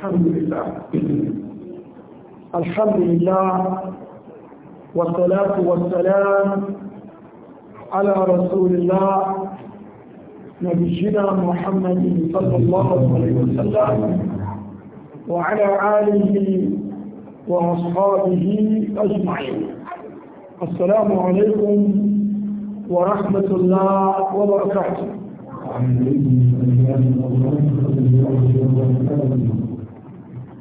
الحمد لله الحمد لله والصلاة والسلام على رسول الله نبينا محمد صلى الله عليه وسلم وعلى آله وأصحابه أجمعين السلام عليكم ورحمة الله وبركاته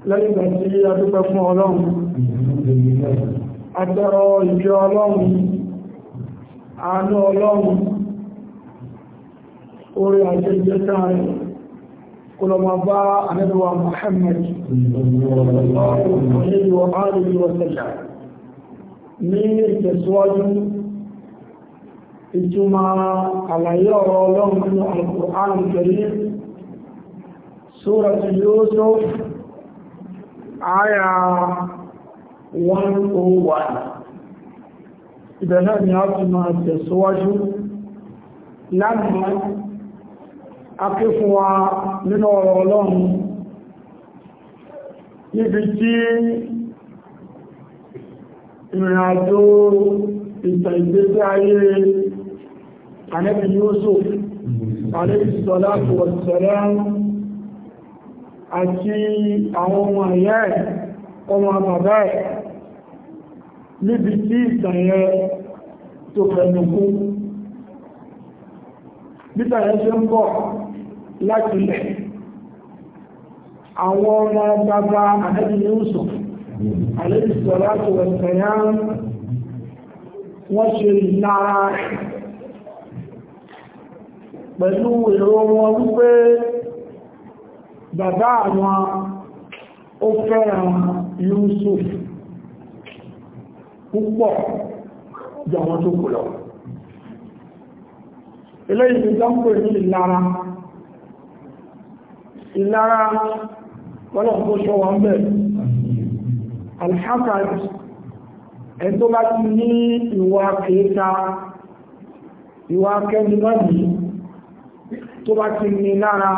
lẹ́yìn ìgbà tí a dúpẹ́ fún ọlọ́run àtẹ́rọ ìjọ ọlọ́run àánú ọlọ́run orí àjẹ́ ìjẹta rẹ̀ kó lọ ma bá anẹ́bíwa Muhammad ọlọ́run àríwí wọ́sẹ̀lá ní ìtẹ̀síwájú ìtumọ̀ àlàyé ọ̀rọ̀ ọlọ́run nínú Al-Qur'an Karim Suratu Yusuf àyà 101 ibẹ̀ náà ni a ti máa tẹ̀síwájú lánàá aké fún wa nínú ọ̀rọ̀ ọlọ́run níbi tí ìrìn àjò ìtàn ìgbésí ayé Ànábì Yúsúf alayhi salatu wa salam àti àwọn ọmọ ìyá ẹ̀ ọmọ bàbá ẹ̀ níbi tí ìtànyẹ tó fẹ̀nùkú nítànyẹ ṣe ń bọ̀ láti lẹ̀ àwọn ọmọ bàbá àdájú ní òsùn àlébìsọ̀ láti wẹ̀sẹ̀yà wọ́n ṣe ìlara pẹ̀lú èrò wọn wípé bàbá àwọn ó fẹ́ràn Yusuf púpọ̀ jọmọ tó kù lọ eléyìí tó jọ́pọ̀ ní ìlara ìlara pọ́lọ̀pọ̀ ṣọ́wọ́ ń bẹ̀ alhakad ẹ̀tọ́ bá ti ní ìwà kẹta ìwà kẹ́ni lọ́nìí tó bá ti ní lára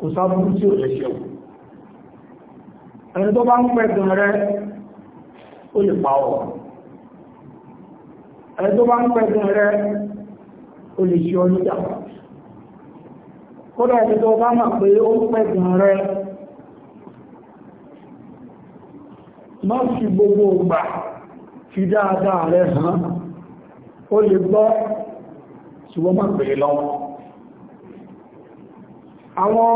kò sábúrú tí ò lè ṣe wù ẹni tó bá ń pẹ́ gan rẹ ó lè pa ọ́ ẹni tó bá ń pẹ́ gan rẹ ó lè ṣe ọdún jà kódà ẹni tó bá mà pé ó pẹ́ gan rẹ má fi gbogbo ìgbà fi dáadáa rẹ hàn ó lè gbọ́ ṣùgbọ́n má pè é lọ́wọ́ àwọn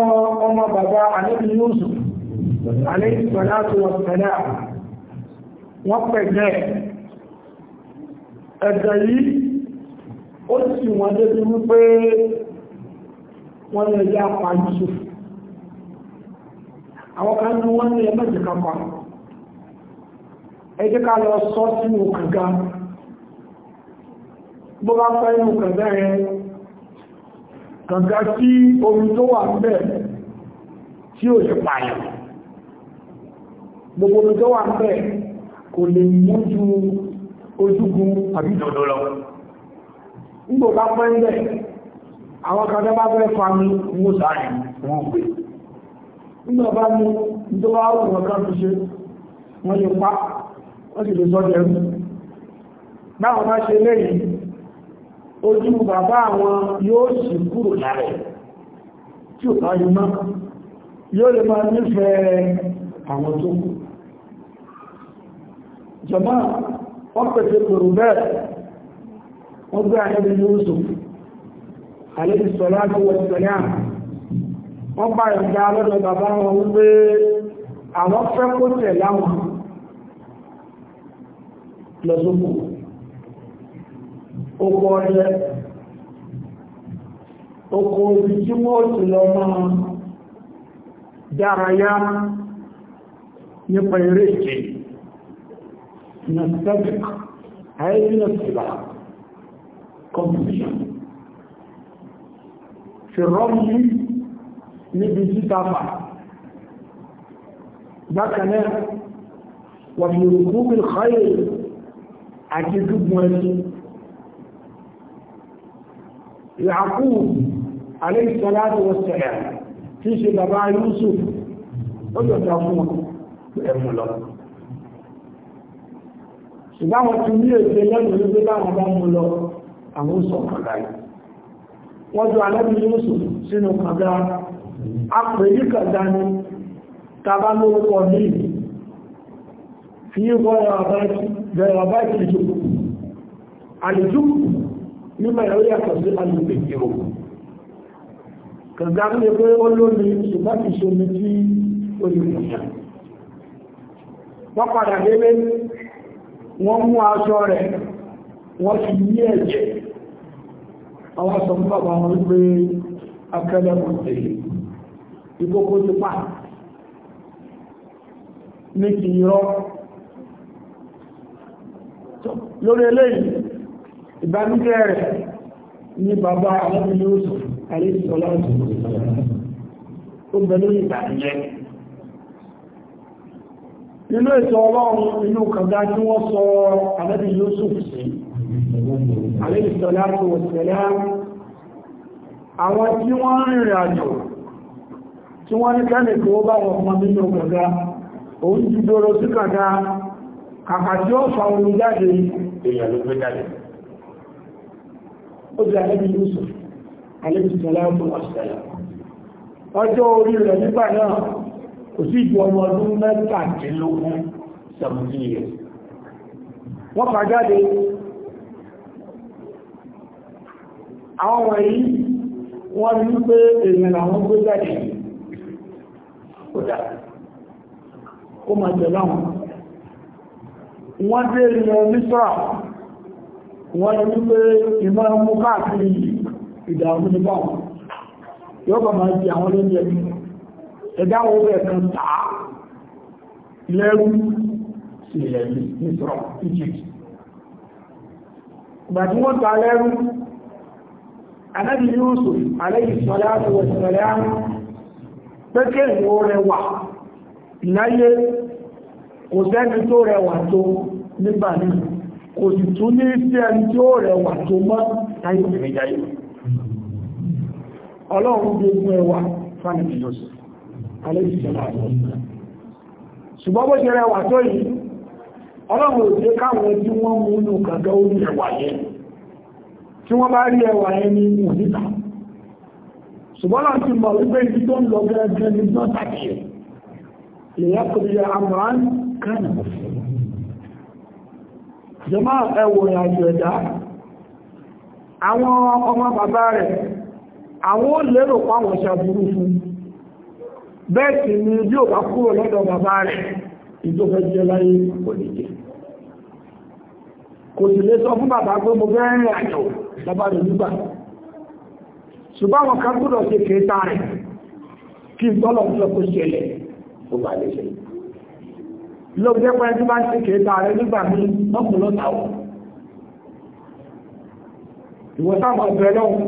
ọmọ bàbá alẹ́bí yóòsù alẹ́bí pẹ̀lá tó wọ́n pẹ̀lá wọ́n pẹ̀lẹ́ ẹ̀dẹ̀ yìí ó sì wọ́n débi wípé wọ́n lè yá pa Yusuf àwọn kan ní wọ́n ní ẹgbẹ́jìká pa ẹjẹ́ká lọ sọ́ sínú kànga bó bá fẹ́ inú kànga yẹn kànga kí omi tó wà ń bẹ̀ tí ò lè pààyàn gbogbo omi tó wà ń bẹ̀ kò lè mú ju ojúgun àbí dòdò lọ nígbò bá pẹ́ ń bẹ̀ àwọn kan bá fẹ́ fami mú sáré wọn pè nígbà bá mú tó wá wùn kan fi ṣe wọ́n lè pa wọ́n sì lè sọ́jẹ́ báwọn bá ṣe lẹ́yìn ojú bàbá àwọn yóò sì kúrò láàrẹ̀ tí ò báyìí má yóò lè máa nífẹ̀ẹ́ àwọn tó kú jọmọ́ wọ́n pẹ̀sẹ̀ pẹ̀rù bẹ́ẹ̀ wọ́n gbé àyẹ́bí Yusuf alayhi salatu wa salam wọ́n bá ìgbà lọ́dọ̀ bàbá wọn wípé àwọn fẹ́ kó tẹ̀ láwọn lọ́sọ́kùn oko ọdẹ oko orí tí wọ́n ti lọ máa dárayá nípa eré ìṣe nasabik àìsínà sílá competition fi rọ́mí níbi títàfà bákanẹ́ wà fi rùkú bí xayé àti dúgbọ́n ẹni Yaqub alayhi salatu wassalam tí ṣe bàbá Yusuf ó yọ̀ta fún ẹ̀mù lọ ṣùgbọ́n wọn ti ní èdè lẹ́nu wípé báwọn bá mú lọ àwọn sọ kàgá yìí wọ́n jọ alẹ́bí Yusuf sínú kàgá apèyí kàgá ni tàbá lórúkọ ní ìlú mímọ̀ ẹ̀rọ yàtọ̀ sí alùpùpù ìrò kàgbà ń lè pé ó lómi ṣùgbọ́n kì í ṣomi tí ó lè mọ̀ ṣá wọ́n padà délé wọ́n mú aṣọ rẹ̀ wọ́n ti ní ẹ̀jẹ̀ àwọn sọ fún bàbá wọn pé akẹ́lẹ́ kò tèlé ìkókó ti pa ní kì í rọ́ lórí eléyìí ìbánújẹ́ rẹ̀ ní bàbá alẹ́bìnrin oṣù àríṣọ́lá ó tí wọ́n sọ alẹ́bìnrin àjò tí wọ́n ní kẹ́lẹ̀ tó bá wọn òun ti dóró sí kàkà tí ó fa omi jáde ló gbé jáde ojú àlẹ́bí Yusuf àlẹ́bí sọ̀láàmù ọ̀sẹ̀lá ọjọ́ orí rẹ̀ nígbà náà kò sí ìjọ ọmọ ọdún mẹ́tàdínlógún 17 years wọ́n pa jáde àwọn wọ̀nyí wọ́n ní pé èèyàn làwọn gbé jáde kódà ó máa jẹ̀ láwọn wọ́n dé ìrìn onísọ́ràwọ̀ wọ́n ní pé ìmọ̀ mú káàkiri ìdààmú ní báwọn yóò bá máa di àwọn lóúnjẹ bí ẹ̀dá owó rẹ̀ kan tàá lẹ́rú ilẹ̀ ní sọ̀rọ̀ Egypt ìgbà tí wọ́n ta lẹ́rú anábi Yusuf aláìsọ̀lá àtọwọ̀sọ̀lá pẹ́kẹ́ ìwọ rẹwà láyé kò sẹ́ni tó rẹwà tó nígbà náà kò sì tún ní sí ẹni tí ó rẹwà tó mọ́ láyé òfin ìjáyé ọlọ́run gbogbo ẹwà fánìlì lọ́sí alẹ́bìsẹ̀lá àwọn ṣùgbọ́n bó ṣe rẹwà tó yìí ọlọ́run òjé káwọn tí wọ́n mú inú kàgá orí ẹwà yẹn tí wọ́n bá rí ẹwà yẹn ní inú níta ṣùgbọ́n láti mọ̀ wípé ibi tó ń lọ gẹ́gẹ́ ní gbọ́n tàbí ẹ̀ lè yẹ́ kò jẹmọ́ ẹwò ìrìnàjò ẹ̀dá àwọn ọmọ bàbá rẹ̀ àwọn ó lérò pàwọn ṣàbúrú fún bẹ́ẹ̀ sì ni bí ò bá kúrò lọ́dọ̀ bàbá rẹ̀ ìjọba jẹ láyé kò ní jẹ kò sì lè sọ fún bàbá pé mo fẹ́ rìn àjò bàbá rẹ̀ nígbà ṣùgbọ́n àwọn kan gbọ́dọ̀ ṣe ló jẹ́ pẹ́ tí bá ṣe kèéta rẹ nígbà ní mọ́kùn lọ́ta ọ̀ ìwọ̀n sáàmà ọ̀bẹ̀ lọ́wọ́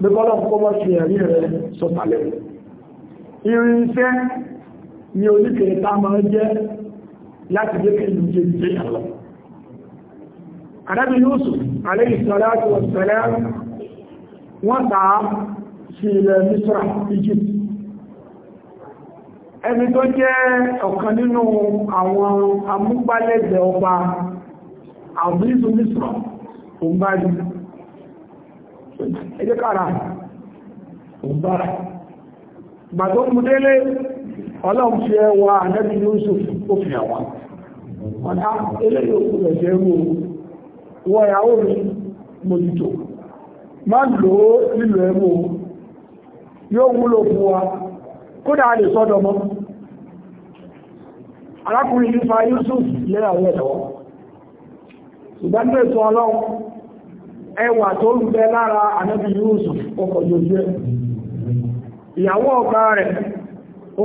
gbẹ́gbọ́lọ́ kó mọ́ sí ẹ̀rí rẹ sọ́tàlẹ̀ irinṣẹ́ ni oníkèéta máa jẹ́ láti jẹ́ kí ìlú jẹ́ ìjẹ́ ìyàlọ́ Àdábí Yusuf, alayhi salatu wa salam, wọ́n tàá sí ilẹ̀ Misra, Egypt ẹni tó jẹ́ ọ̀kan nínú àwọn amúgbálẹ́gbẹ̀ ọba àbúrísù mísọ̀ òǹbájú ẹjẹ́ kára òǹbára ìgbà tó mú délé ọlọ́run fi ẹwà ànábì Yusuf ó fi àwà ọ̀dá ah, eléyìí òkú rẹ̀ jẹ́ rú wọ́n ìyàwó mi mojútó má lòó nílò ẹ̀mú yóò wúlò fún wa kódà a lè sọ́dọ̀ mọ́ arákùnrin Yusuf lẹ́ra rẹ̀ ìgbàgbé ètò ọlọ́run ẹwà tó ń bẹ lára ànábì Yusuf ọkọ̀ lójú ẹ̀ ìyàwó ọ̀gá rẹ̀ ó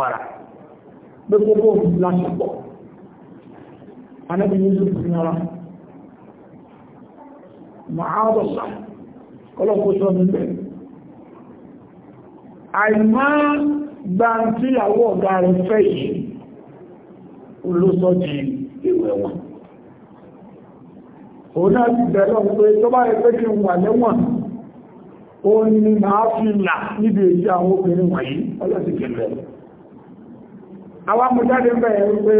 mara pé gbogbo lásìpọ̀ Yusuf ní ara ma'adọ́sà bẹ̀rẹ̀ àìmáà gbantíyàwó ọ̀gá rẹ̀ fẹ́ yìí olóṣọ́jì ìwẹ̀ wọn òun náà ti bẹ̀rẹ̀ pé tó bá rẹ̀ pé kí n wà lẹ́wọ̀n ó ní máa fi là níbi èyí àwọn obìnrin wọ̀nyí ọlọ́sìkẹ̀lẹ̀ àwọn amújáde bẹ̀rẹ̀ pé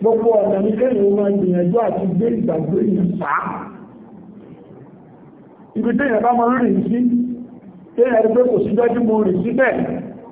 gbogbo ọ̀nà ní kéèyàn wọn gbìyànjú àti gbé ìgbàgbé yìí sáà ibi téèyàn bá sí téèyàn rí pé kò mo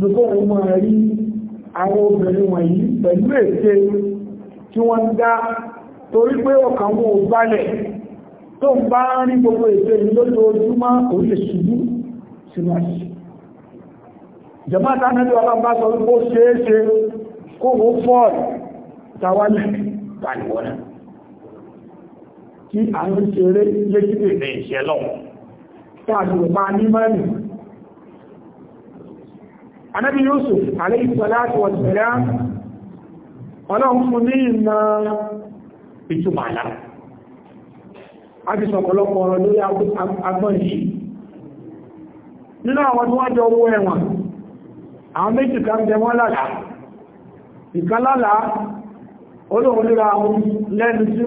gbogbo wọn máa rí àwọn obìnrin wọ̀nyí pẹ̀lú ète tí wọ́n dá torí pé ọkàn wọn ò balẹ̀ tó ń bá rí gbogbo ète yìí lójoojúmọ́ kò lè ṣubú sínú àṣìṣe jẹ̀mọ́ àtànẹ́lú ọlọ́mbá sọ wípé ó ṣeéṣe kó wọ́n fọ́ọ̀lù tàwálẹ̀ tàìwọ́nà tí a ń ṣeré léjìdè ìṣẹ́lọ́wọ́ tàbí ọ̀pá ní anábí Yusuf alayhi salatu wa salam ọlọ́run fún ní ìmọ̀ ìtumọ̀ àlá a ti sọ̀pọ̀lọpọ̀ ọ̀rọ̀ lórí agbọ́n yìí nínú àwọn tí wọ́n jọ owó ẹ̀wọ̀n àwọn méjì ká ń jẹ wọ́n lálàá ìkan lálàá olóòrùn lóra lẹ́nu tí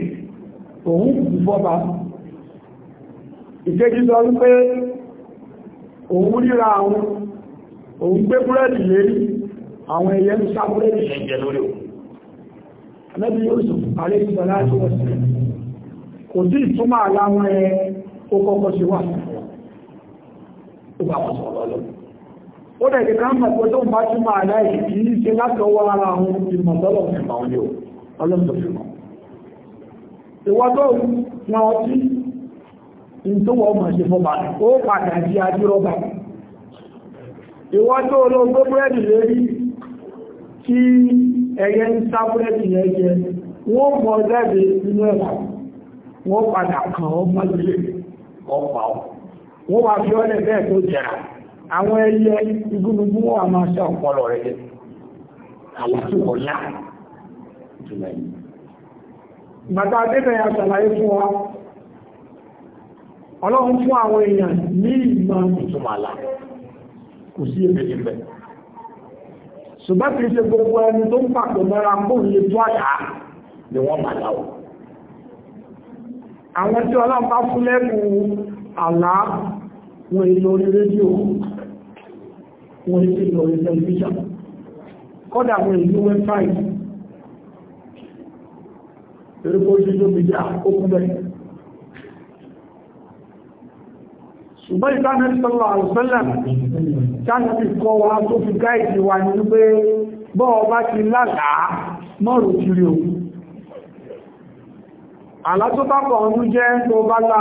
ń òun kù fọ́ba ìkéjì sọ wípé òun ríra àwọn òun gbé búrẹ́dì lérí àwọn ẹyẹ ń sá búrẹ́dì ẹ̀jẹ̀ lórí òun Ànábì Yusuf àríṣọ́ láti wọ́sẹ̀ kò tí aláwọn ẹ sí wà ó tó ìwọ́tọ̀ wọn ọtí ìtòwọ́ ọmọ ṣe fọba ó padà jí adírọ́bà ìwọ́tọ̀ olóògbé búrẹ́dì lérí tí ẹyẹ ń sá búrẹ́dì yẹn jẹ wọ́n mọ̀ lẹ́bẹ̀ inú ẹ̀wà wọ́n padà kàn ọ́ mọ́lẹ̀ ọ̀pá wọ́n fi bẹ́ẹ̀ tó àwọn ẹyẹ máa ṣe ọ̀pọ̀lọ̀ rẹ̀ yá jùlọ yìí bàtà adébẹ̀ àṣàlàyé fún wa ọlọ́run fún àwọn èèyàn ní ìmọ̀ ìtùmàlà kò sí èmì ìbẹ̀ ṣùgbọ́n kìí ṣe gbogbo ẹni tó ń pàtó mẹ́ra kóhùn lè tó àṣà ni wọ́n bà láwọ̀ àwọn tí ọlọ́run bá fún lẹ́kùn àlá wọn èlò orí rédíò wọn èlò orí tẹlifíṣàn kọ́dà wọn èlò wẹ́bsáìtì torí kó ṣe tó fi jẹ́ àkókún bẹ́ẹ̀. ṣùgbọ́n ìtànà ìsọ́lá àrùsọ́lá tánà fi kọ́ wa tó fi gáìdì wa ní pé bọ́ọ̀ bá ti lálàá mọ́rù kiri o àlá tó tápọ̀ ọdún jẹ́ tó bá lá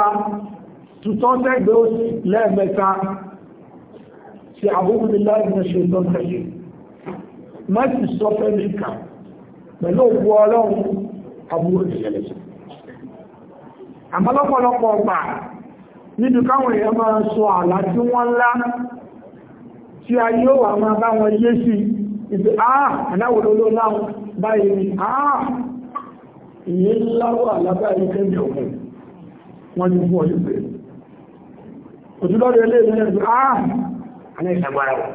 tutọ́ tẹ́gbẹ́ ó lẹ́ẹ̀mẹ́ta ti àbúkúdí láìpẹ́ ṣe tọ́ pẹ̀lú ọgbọ́ ọlọ́run aburú ìṣẹ̀lẹ̀ sí. àmọ́ lọ́pọ̀lọpọ̀ ọgbà níbi káwọn èèyàn máa sọ àlá tí wọ́n ńlá tí a yóò wà máa bá wọn yé sí ìpé ah, àà aláwòrán ló láwọn báyìí ni àà ah, ìyé láwọ́ àlábáyé kẹ́mì ọ̀gbìn wọ́n ti fún ọdún pé òtúlọ́rẹ̀ ilé ìrìnlẹ̀ ìpé àà alẹ́ ìsàgbára wọn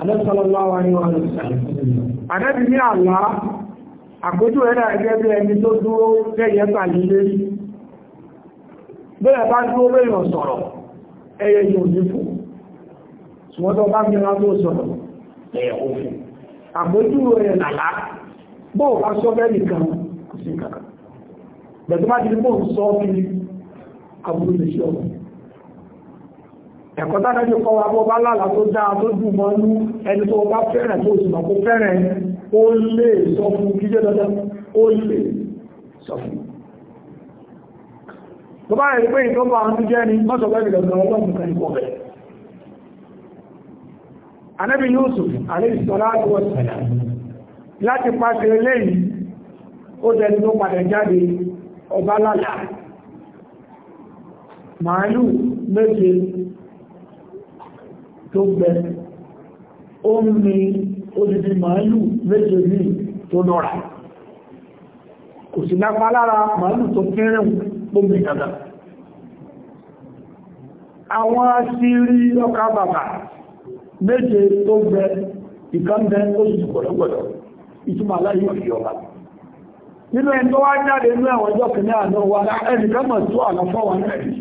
alẹ́ sọ́lọ́lọ́wọ́ àpójú ẹ̀rẹ́ ẹgbẹ́ bí ẹni tó dúró lẹ́yẹ pàlú lérí bẹ́ẹ̀ bá dúró lẹ́yìn sọ̀rọ̀ ẹyẹ yóò ní fún ṣùgbọ́n tó bá mìíràn tó sọ̀rọ̀ ẹ̀yẹ òfin àpójú ẹ̀rẹ́ làlá bóò bá sọ bẹ́ẹ̀ nìkan kò sí kankan bẹ̀tọ́ bá ti bóò sọ kiri àbúrò lè ṣe ọ̀rọ̀ ẹ̀kọ́ tá ó lè sọ fún kíjẹ́ dandan ó lè sọ fún tó bá rẹ̀ pé ìtọ́bà àwọn jẹ́ ni mọ́sọ̀gbẹ́bì lọ́gbọ̀n ọlọ́run kan Yusuf alayhi salatu wa salam láti pàṣẹ lẹ́yìn ó jẹni tó padà jáde ọba lálà màálù méje tó gbẹ ó odidi màálù méje ní tó lọ́ra kò sí lápá lára màálù tó fẹ́rẹ̀ omi dada àwọn asírí ọkà bàbà méje tó gbẹ ìkànbẹ oṣù gbọ̀lọ́gbọ̀lọ́ ìtumà láyé òfin ọba nínú ẹni tó wá jáde ní àwọn ọjọ́ kìíní àná wa ẹnìkan mọ̀ tó àlọ́ fọ́wọ́ náà rí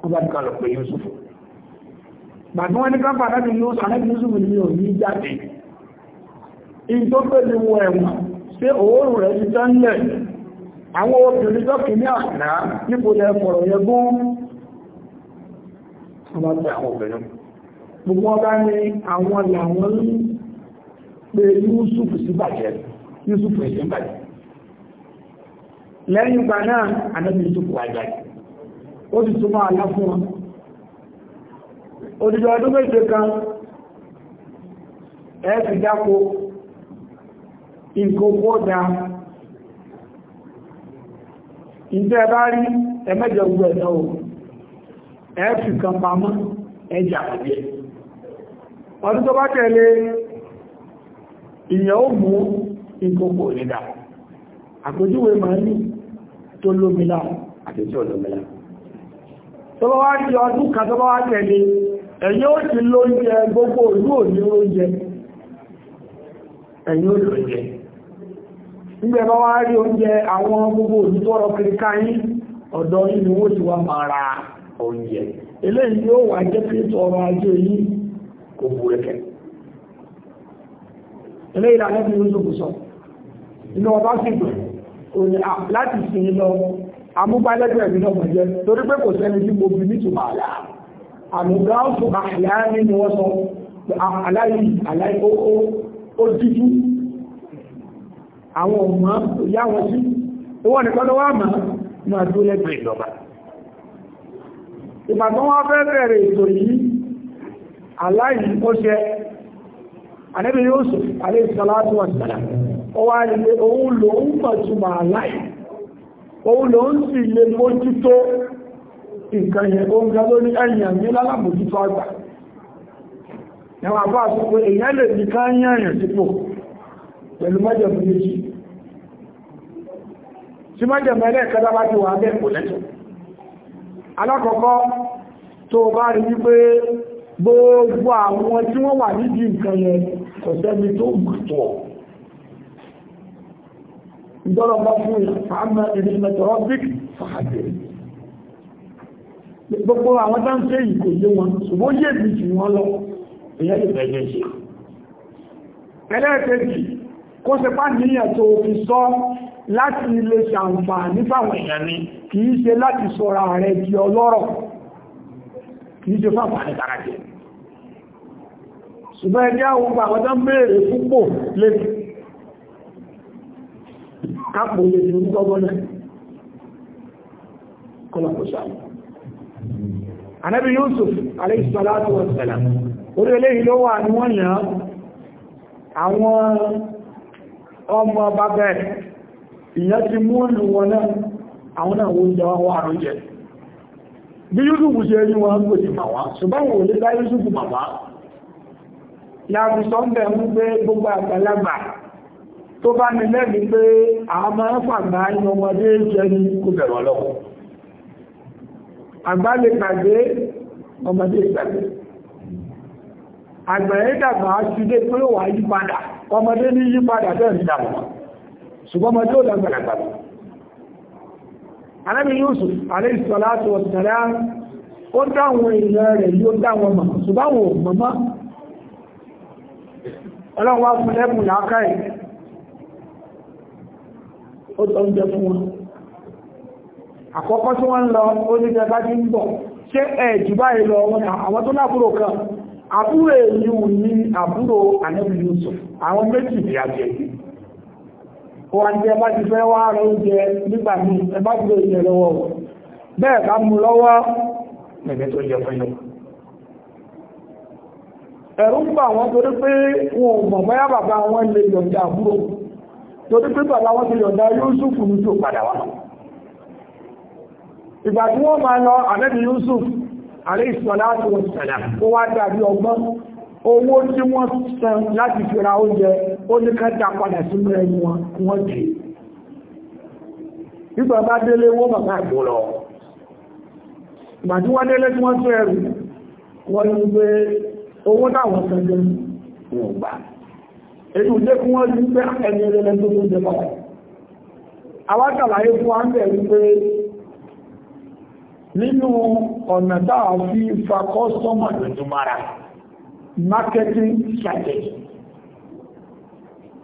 wọ́n bá nìkan lọ pé Yusuf gbàgbọ́n ẹnìkan pàdánù Yusuf ní òní jáde in tó pè ní wọn ẹ̀wọ̀n sí òórùn rẹ̀ ti tẹ́lẹ̀ àwọn obìnrin tọ́kì ní àná nípo lẹ fọ̀rọ̀ yẹ gún ọmọdé àwọn obìnrin gbogbo ọba ní àwọn làwọn ń pe Yusuf sí bàjẹ́ Yusuf èdè bàjẹ́ lẹ́yìn ìgbà náà anábì Yusuf wà jáde ó sì túnmọ́ àlá fún wọn òdìjọ ọdún méje kan ẹ ti dáko nǹkan kó dáa ìtẹ́ bá rí ẹmẹ́jọ gbogbo ẹ̀tọ́ o ẹ̀ẹ́fì kan pamọ́ ẹjà pẹ̀lẹ̀ ọdún tó bá tẹ̀lé ìyàn ó mú nǹkan kó lè dá máa ní tó lómìnà àti tí olómìnà tó bá wá di ọdún kan tó bá wá tẹ̀lé ó ti lóúnjẹ gbogbo òní oúnjẹ ó nígbẹ̀ bá wá rí oúnjẹ àwọn gbogbo òjútọ́rọ̀ kìríká yín ọ̀dọ̀ yìí ni wọ́n ti wá máa ra oúnjẹ eléyìí yóò wà jẹ́ pé ọrọ̀ ajé yìí kò búrẹ́kẹ́ eléyìí lànà bí wọ́n sọ̀kù sọ inú ọba sì dùn òní láti sin lọ amúgbálẹ́gbẹ̀ẹ́ mi náà mọ̀jẹ́ torí pé kò sẹ́ni tí mo fi nítumọ̀ àlá àmùgbá àwọn ọmọ ahụ wọn sí owó nìkan lọ́wọ́ àmà máa dúró lẹ́gbẹ̀ẹ́ ìjọba ìgbà tó wọ́n fẹ́ bẹ̀rẹ̀ ètò yìí aláìní ó ṣe anẹ́bí Yusuf aléìsọ́láàtù ọ̀sẹ̀lá ó wá òun ló ń lè ń tí má jẹ̀mọ́ ẹlẹ́ẹ̀kẹ́lá bá ti wà bẹ́ẹ̀ kò lẹ́tọ̀ alákọ̀ọ́kọ́ tó bá rí wípé gbogbo àwọn tí wọ́n wà nídi nǹkan yẹn kò sẹ́ni tó gbùtọ̀ ìjọ́lọ̀ bá fún ìfàmà ìrìnmẹ̀tọ̀rọ́bík fàájẹ̀ gbogbo àwọn tán tẹ́ ìkò yé wọn ṣùgbọ́n yé bí jù wọn lọ èyàn lè fẹ́ ẹlẹ́ẹ̀kejì kó sepá níyàn tó fi sọ láti lè ṣàǹfààní fáwọn èèyàn ni kìí ṣe láti sọ́ra rẹ̀ di ọlọ́rọ̀ kìí ṣe fáǹfààní tàrà jẹ́ ṣùgbọ́n ẹgbẹ́ àwọn pàwọ́dá mẹ́rẹ̀ púpọ̀ lè kápò lè ní gọ́gọ́nà kọlọ̀kọ̀ṣà anábi Yusuf alayhi salatu wa salam orí eléyìí ló wà ní wọ́n yàn àwọn ọmọ bàbá ẹ̀ ìyá ti mú ìlú wọn náà àwọn náà oúnjẹ wọn wà rọ́jẹ bí yúsùfù ṣe rí wọn kò sí màwá ṣùgbọ́n wò lè bá yúsùfù màwá láàrín sọ́ńbẹ̀ ń gbé gbogbo àgbàlagbà tó bá ní lẹ́bi pé àwọn máa ń fàgbà inú ọmọdé jẹ́ ní kò bẹ̀rọ lọ́wọ́ àgbà lè pàdé ọmọdé ìgbàgbé àgbà ẹ̀dàgbà ti dé pé ó wà yípadà ọmọdé ní yípadà bẹ́ẹ̀ ní dàmọ́ ṣùgbọ́n ma yóò lágbàrà gbàrà anábi Yusuf aléìsọ́láàtù ọ̀tàrà ó dáwọn èèyàn rẹ̀ yóò dáwọn mọ̀ ṣùgbọ́n mọ̀mọ́ ọlọ́wọ́ fún lẹ́kùn láàkáì ó tọ́ ń jẹ fún wọn àkọ́kọ́ tí wọ́n ń lọ ó ní jẹba tí ń bọ̀ ṣé ẹ̀ jù báyìí lọ wọn àwọn tó lábúrò kan àbúrò èyí ni àbúrò anábi Yusuf àwọn méjì ìyàjẹ̀ yìí ó wá jẹ́ bá ti fẹ́ wá rẹ oúnjẹ nígbà mí ẹ bá ti lè jẹ lọ́wọ́ bẹ́ẹ̀ ká mú lọ́wọ́ mẹ̀mẹ́ tó jẹ fẹ́yọ ẹ̀rù ń bà wọ́n torí pé wọn ò mọ̀ bóyá bàbá wọn lè yọ̀ǹda àbúrò torí pé bàbá wọn ti yọ̀ǹda Yúsùfù ní tó padà wá ìgbà tí wọ́n máa lọ ànábì Yúsùf àríṣọ́láàtò sẹ̀lá ó wá dàbí ọgbọ́n owó tí wọ́n san láti fi ra oúnjẹ ó ní ká dá padà sínú ẹnu wọn wọ́n jì nígbà bá délé wọ́n bàbá àgbò lọ ìgbà tí wọ́n délé tí wọ́n tún ẹrù wọ́n ní pé owó táwọn sẹ́jọ́ wọn gbà èyí ò jẹ́ kí wọ́n rí pé ẹni ẹlẹ́lẹ́ tó ń jẹ pọ̀ àwọn àtàlàyé fún wa ń bẹ̀rù pé nínú ọ̀nà táà fi fa kọ́sọ́mà lójúmára marketing strategy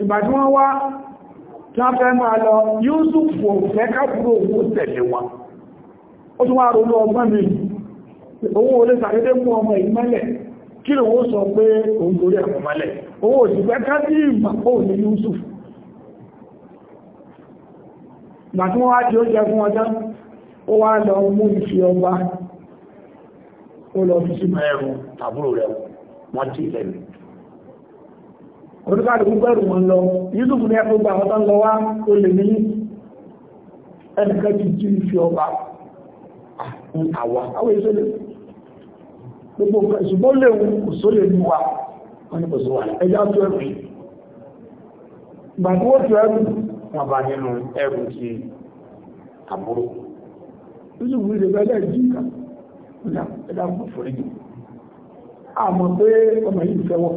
ìgbà tí wọ́n wá láfẹ́ máa lọ Yúsùfù fẹ́ káàkiri owó tẹ̀lé wa ó tún wá ronú ọgbọ́n mi owó olè sàrédé mú ọmọ ìmọ́lẹ̀ kí ló wó sọ pé òun torí ẹ̀kọ́ mọ́lẹ̀ owó òsìgbẹ́ káàkiri ìmọ̀pọ̀ ní Yúsùfù ìgbà tí wọ́n wá di oúnjẹ fún ọjọ́ ó wá lọ mú ìfi oníkàlùkù bẹ̀rù wọn lọ yusuf ní ẹkùn gbà wọn tán lọ wá ó lè ní ẹnìkan ti jí ife ọba ah, ní àwa àwọn èso lè gbogbo nǹkan ìṣùgbọ́n léwu kò sólè ní wa wọn ni kò sí wa ẹja tó ẹrù ìgbà tí wọ́n tó ẹrù wọn bá nínú ẹrù ti àbúrò yusuf ní ìdẹ́gbẹ́lẹ́ jí ìkà ẹja kò forí jù àmọ́ pé ọmọ yìí fẹ́ wọ́n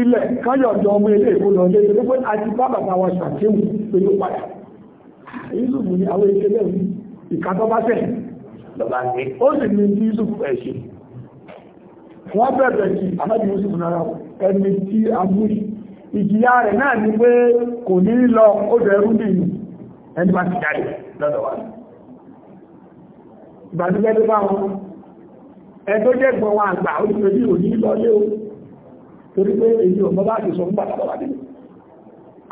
sílẹ̀ káyọ̀dọ̀ ọmọ ilé ụlọ ilé ìlú pé a ti bá bàbá wa ṣàtìmù pé padà Yúsùfù ni àwọn èké lẹ́rù ìkàtọ́ ó sì ní wọ́n bẹ̀rẹ̀ sí ẹni tí a mú ìjìyà rẹ̀ náà ni pé kò ní lọ ó ẹni bá ti jáde lọ́dọ̀ wa ìbàdúgbẹ́ torí pé èyí ọmọ bá ti sọ fún bàbá bàbá nínú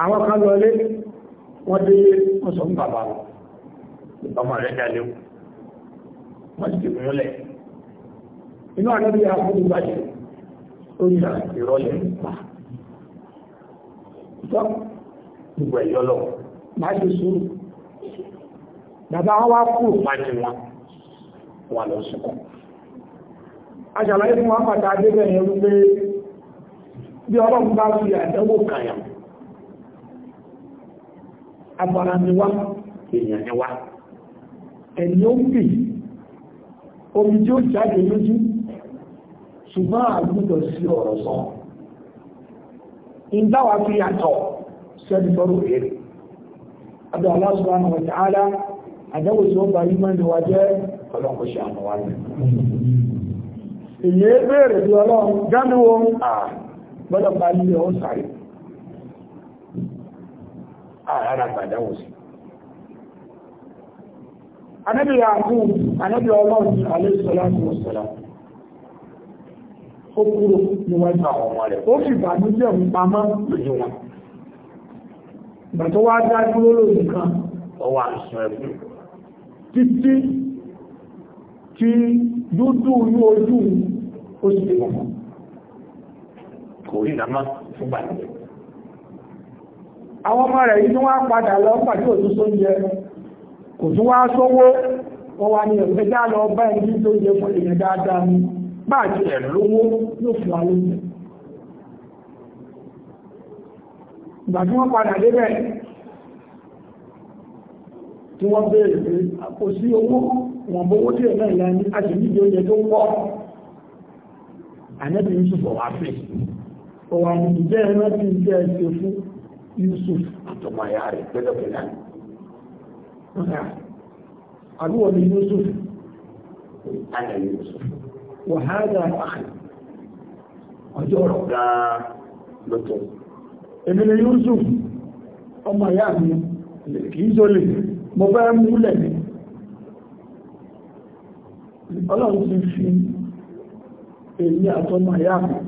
àwọn kan lọ lé wọ́n dé wọ́n sọ fún bàbá wọn ọmọ rẹ̀ jalè wọ́n ti dìbò yọlẹ̀ inú ànábì àkókò bàjẹ́ lọ máa ti fún wọn pàtàkì bẹ́ẹ̀ wípé bí ọlọ́run bá fi àdánwò kàyà abara ni wá èèyàn ni wá ẹni ó ń bì omi tí ó jáde lójú ṣùgbọ́n àgbúdọ̀ sí ọ̀rọ̀ sọ ìdáwà fi yàtọ̀ sẹ́ni sọ́rọ̀ èrè adọ́ Allah subhanahu wa ta'ala àdánwò tí ó bá yí jẹ́ ṣe bèèrè bí ọlọ́run gbọ́dọ̀ bá lé ọ́ sáré ààrà gbàdáwò sí anábì àkún anábì ọlọ́run aléṣọ́láàmù ọ̀sọ̀lá ó kúrò níwájú àwọn ọmọ rẹ̀ ó fi bàmílẹ̀ ń pamọ́ lójú wọn ìgbà tó wá dá dúró lórí kan ọwọ́ àṣọ ẹ̀kún títí tí dúdú ojú ojú ó sì lè wọ́n kò nàmá fúgbà ní àwọn ọmọ rẹ̀ yìí tí wọ́n padà lọ pàdé òtún sóúnjẹ kò tún wá sówó wọ́n wá ní ẹ̀fẹ́já lọ bá ẹni tó yẹ fún èèyàn dáadáa ní bá àti ẹ̀ lówó ló fún wa lóúnjẹ ìgbà tí wọ́n padà débẹ̀ tí wọ́n béèrè pé kò sí owó wọn bówó tí ẹ̀mẹ́ ìyá ní àti nídìí oúnjẹ وعند جامعة الكاشف يوسف أنتم ما يعرف كذا كذا ما يعرف قالوا لي يوسف أنا يوسف وهذا أخي وجور لا لطف ابن يوسف أما يعني كيزو لي ما بعمل لي الله يوسف إني أتوم يعني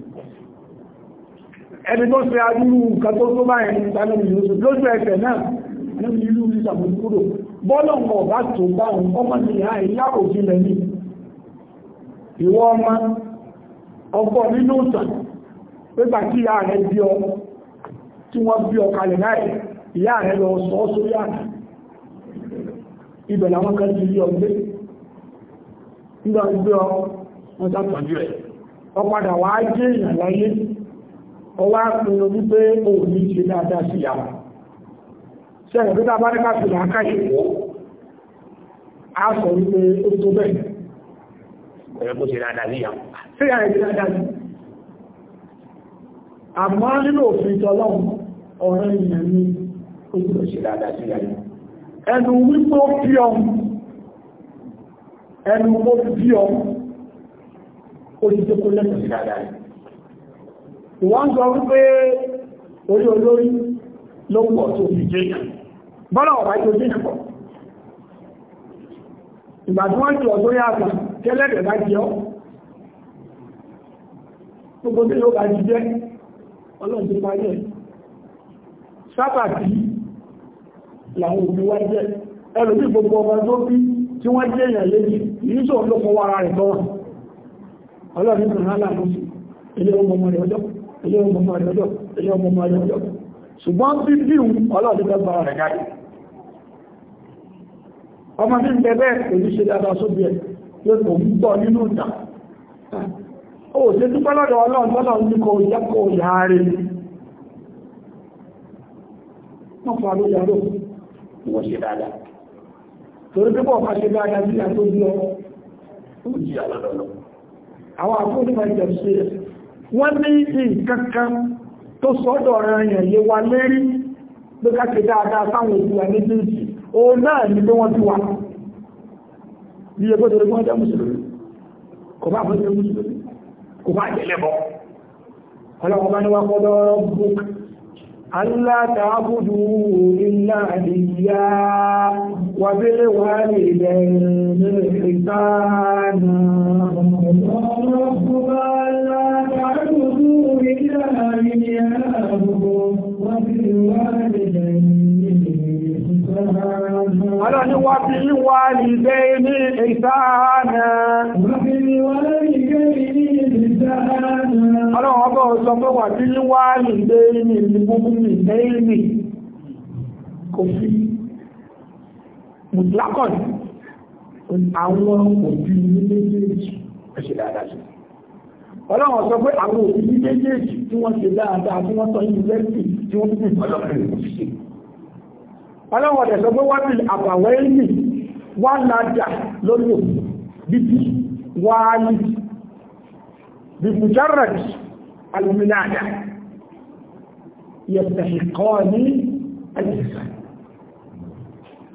ẹni tó ṣe adúrú nǹkan tó tó báyìí ní ìtànàbí yóò náà níbi ìlú ìṣàmójúkúrò bọ́lọ̀ ń ọ̀bá tó bá òun ọmọ ní ìyá ní ìwọ ọmọ ọgbọ́n nínú ìtàn tí ìyá rẹ̀ bí ọ tí wọ́n bí ọ kalẹ̀ láì ìyá rẹ̀ lọ ọwá pinnu wípé o ní ṣe dáadáa sí ìyàwó ṣẹ́rẹ̀ tó dábá nípa fi láàká ìwọ́ a sọ wípé ó tó bẹ́ẹ̀ ọ̀rẹ́ ìyàn ṣe dáadáa sí ìyàwó ẹnu wípé ó fi ọm ẹnu kó lẹ́kọ̀ọ́ sí dáadáa wọ́n sọ wípé orí olórí ló pọ̀ tó fi jẹ́ bọ́lá ọ̀rá tó jẹ́ pọ̀ ìgbà tí wọ́n jọ sórí àgbà tẹ́lẹ̀dẹ̀ bá jẹ́ ọ́ gbogbo tí yóò bá ti jẹ́ ọlọ́run ti parí ẹ̀ sábàtì làwọn òbí wá jẹ́ ẹlòmí gbogbo ọmọ tó bí tí wọ́n jẹ́ èèyàn lẹ́yìn ìrísọ̀ ló fọwọ́ ara rẹ̀ bọ́wọ́ ọlọ́run tó rán láàrín ilé ọmọ ọmọ rẹ̀ ọjọ́ ilé ọmọ ọmọ ẹ̀lọ́dọ̀ ilé ọmọ ọmọ ẹ̀lọ́dọ̀ ṣùgbọ́n bí bí ọlọ́dẹ́gbà rẹ̀ gáyì ọmọ ní bẹ̀bẹ̀ èyí ṣe dáadáa sóbi ẹ̀ yóò tó ń bọ̀ nínú ìta ó ṣe dúpẹ́ lọ́dọ̀ ọlọ́run tọ́lọ́run ní kò yẹ kó yáre wọ́n fà ló yàrá wọ́n ṣe dáadáa torí pípọ̀ máa ṣe dáadáa sí àtó bí ọ ó wọ́n ní ìkankan tó sọ́dọ̀ ẹ̀yàn yé wa lérí pé káṣe dáadáa sáwọn òbí wa méjèèjì o náà ní pé wọ́n ti wà ní ẹgbẹ́ tó lọ́gbọ́n jẹ́ mùsùlùmí kò bá fẹ́ jẹ́ mùsùlùmí kò bá jẹ́ lẹ́bọ̀ ọlọ́wọ́n bá ní wá kọ́dọ̀ book Allah ta'budu illa iyya wa bil walidayni ihsana Ọlọ́run ni wá bí wá ní ilé ní ìsáàánà. Ọlọ́run ọgbọ́ sọ pé wà bí wá ní ilé ní ìgbogbo ní ìlẹ́ìlì kò fi mùsùlákọ̀ọ̀dì àwọn òbí ní méjèèjì ẹ̀ṣẹ̀ dáadáa sí ọlọ́run sọ pé àwọn òbí méjèèjì tí wọ́n ṣe dáadáa tí wọ́n sọ yunifásitì tí wọ́n fi ọlọ́run ọlọ́run ọ̀dẹ̀ sọ pé wọ́n fi àbàwẹ́ ní wọ́n lájà lónìí bíbí wáyé بمجرد المنادى يستحقان الإحسان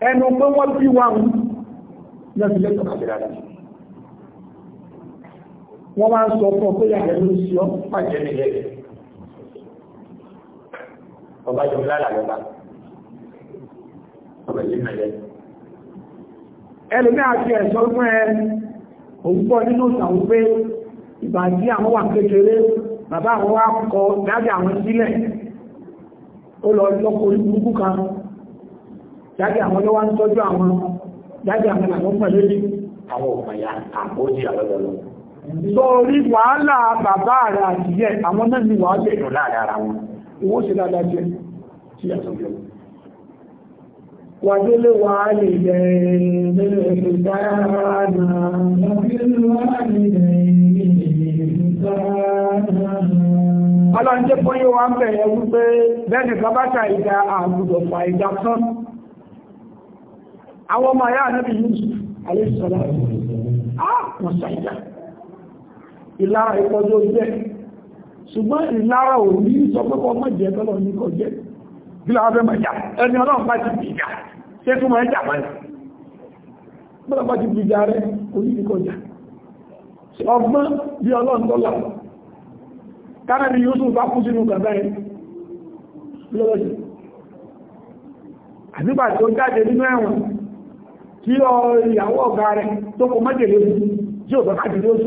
ẹnu pé wọ́n bí wa ń wọ́n máa ń sọ fún ọkọ̀ ìyàwó ló sí ọ́ pàjẹ́ ní ẹ̀rẹ̀ ọba jọ lára lọ́ba ọba yìí mẹ́lẹ́ ẹlùmí àti ẹ̀sọ́ fún ẹ òwúgbọ́ nínú ìsàwọn pé ìbàdí àwọn wà kékeré bàbá àwọn wá kọ dájà àwọn sílẹ̀ ó lọ lọ́kọ̀ oríburúkú kan dájà àwọn lọ́wọ́ ń tọ́jú àwọn dájà àwọn làwọn pẹ̀lú àwọn òmìnira àpótí àlọ́lọ́lọ́ sọ́rí wàhálà bàbá rẹ̀ àti yẹ àwọn náà ní wàhálà èrò láàrin ara wọn owó ṣe dáadáa jẹ́ tí wà á lè jẹ́ ẹ̀rẹ́ ẹ̀fẹ́ dáadáa ọlọ́njẹ́ pọ́yẹ́ wa ń bẹ̀rẹ̀ wípé bẹ́ẹ̀ni kábátà ìdá àgùdọ̀fà ìlara ìkọjọ́ jẹ́ ṣùgbọ́n ìlara ò ní sọ pé kọ́ mọ́ jẹ́ tọ́lọ ní kọ jẹ́ bí lára fẹ́ mọ̀ jà ẹni ọlọ́run bá ti bìjà ṣé tún mọ̀ jà mọ́ bọ́lá bá ti bìjà rẹ kò ní kọjá ọgbọ́n bí ọlọ́run tọ́lá kára ni Yusuf bá kú sínú kàbá ẹ lọ́wọ́sí àbígbà tó jáde nínú ẹ̀wọ̀n tí ìyàwó ọ̀gá rẹ̀ tó kọ mọ́jẹ̀lẹ́ tí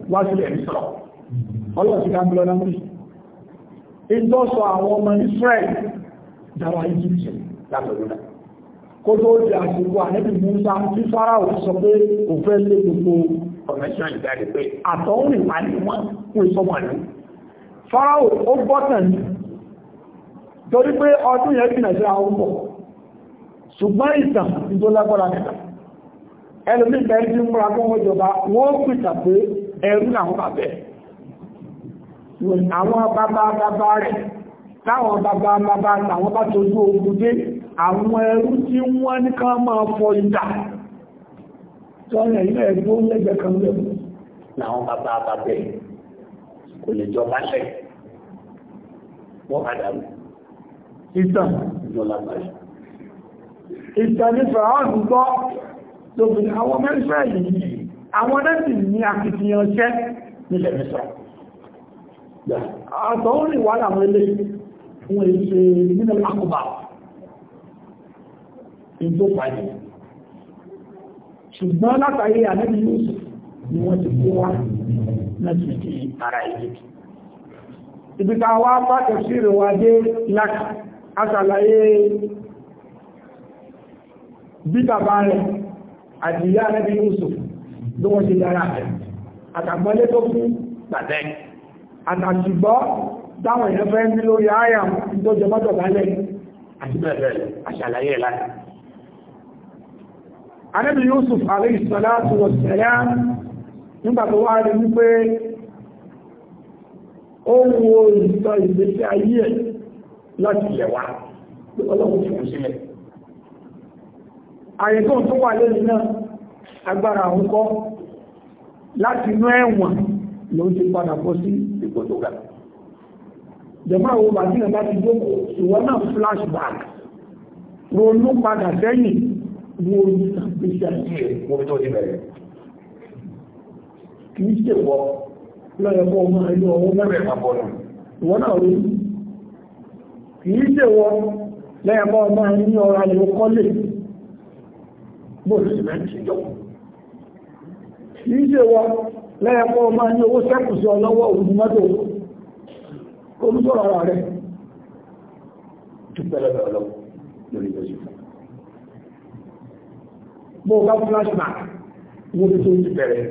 wá sílẹ̀ ní sọ̀rọ̀ ọlọ́run ti ká ń lọ náà rí ìjọsọ àwọn ọmọ Israel dára Egypt látọ̀lọ́dà kó tó di àsìkò ànẹ́bì Musa tí Fáráò sọ pé kò fẹ́ lé gbogbo ọmọ Israel jáde pé àtọ̀hún ìpàdé wọn fún ìsọmọ àná Fáráò ó gbọ́tàn ní torí pé ọdún yẹn jìnà sí àwọn pọ̀ ṣùgbọ́n ìtàn tó lágbára nìkan ẹlòmí ìgbà ẹni tí ń múra kó wọ́n jọba wọ́n pìtà pé ẹrú làwọn bàbẹ́ àwọn bàbá bàbá rẹ̀ táwọn bàbá bàbá làwọn bá tójú ogun dé àwọn ẹrú tí wọ́n ní ká máa fọ ìdá tọ́rẹ̀ ilẹ̀ ẹgbó lẹ́gbẹ̀ẹ́ kan lẹ́gbẹ̀ẹ́ làwọn bàbá bàbẹ́ kò lè jọba lẹ́ wọ́n padà rú ìtàn ìjọba bàbẹ́ ìtàn ní fàáhùn gbọ́ lóbìnrin àwọn mẹ́rin fẹ́ yìí àwọn ẹ̀sìn ní akitiyan ṣẹ́ nílẹ̀ mẹ́sàn àtọ́ ó lè wà láwọn ilé fún èṣe nínú àkùbà in tó pàdé ṣùgbọ́n látàrí àníbi yóò ni wọ́n ti kó wá láti di ara ìlú ibi ta wá pàtẹ̀ sí ìrìnwá dé láti aṣàlàyé bí bàbá rẹ̀ àti ìyá àníbi yóò bí wọ́n ṣe dára rẹ̀ àtàgbọ́lé tó fún pàtẹ́ àtàṣùgbọ́ dáwọn èèyàn fẹ́ ní lórí àyà tó jẹ mọ́tọ̀ balẹ̀ àti bẹ̀rẹ̀ àṣàlàyé láti Ànábì Yusuf alayhi salatu wa salam nígbà tó wá rí wípé ó wo ìtọ́ ìgbésí ayé ẹ̀ láti ilẹ̀ wá ọlọ́run fi kù sílẹ̀ àyẹ̀kọ́ tó wà lẹ́yìn náà agbára àwọn kọ́ láti inú ẹ̀wọ̀n ló ti padà bọ́ sí ipò tó ga jọba àwọn bàtínà láti jókòó náà flashback ronú padà sẹ́yìn ní orí ìgbésí ayé ṣe wọ ọmọ ẹlú ọwọ́ ṣe kìí wọ lẹ́ẹ̀kọ́ ọmọ ní owó sẹ́kù sí ọlọ́wọ́ òun mọ́tò olùsọ̀rọ̀ ara rẹ̀ dúpẹ́ lọ́dọ̀ ọlọ́wọ́ lórí ìjọsìn fún bó bá flashback wọ́n ti tó ti bẹ̀rẹ̀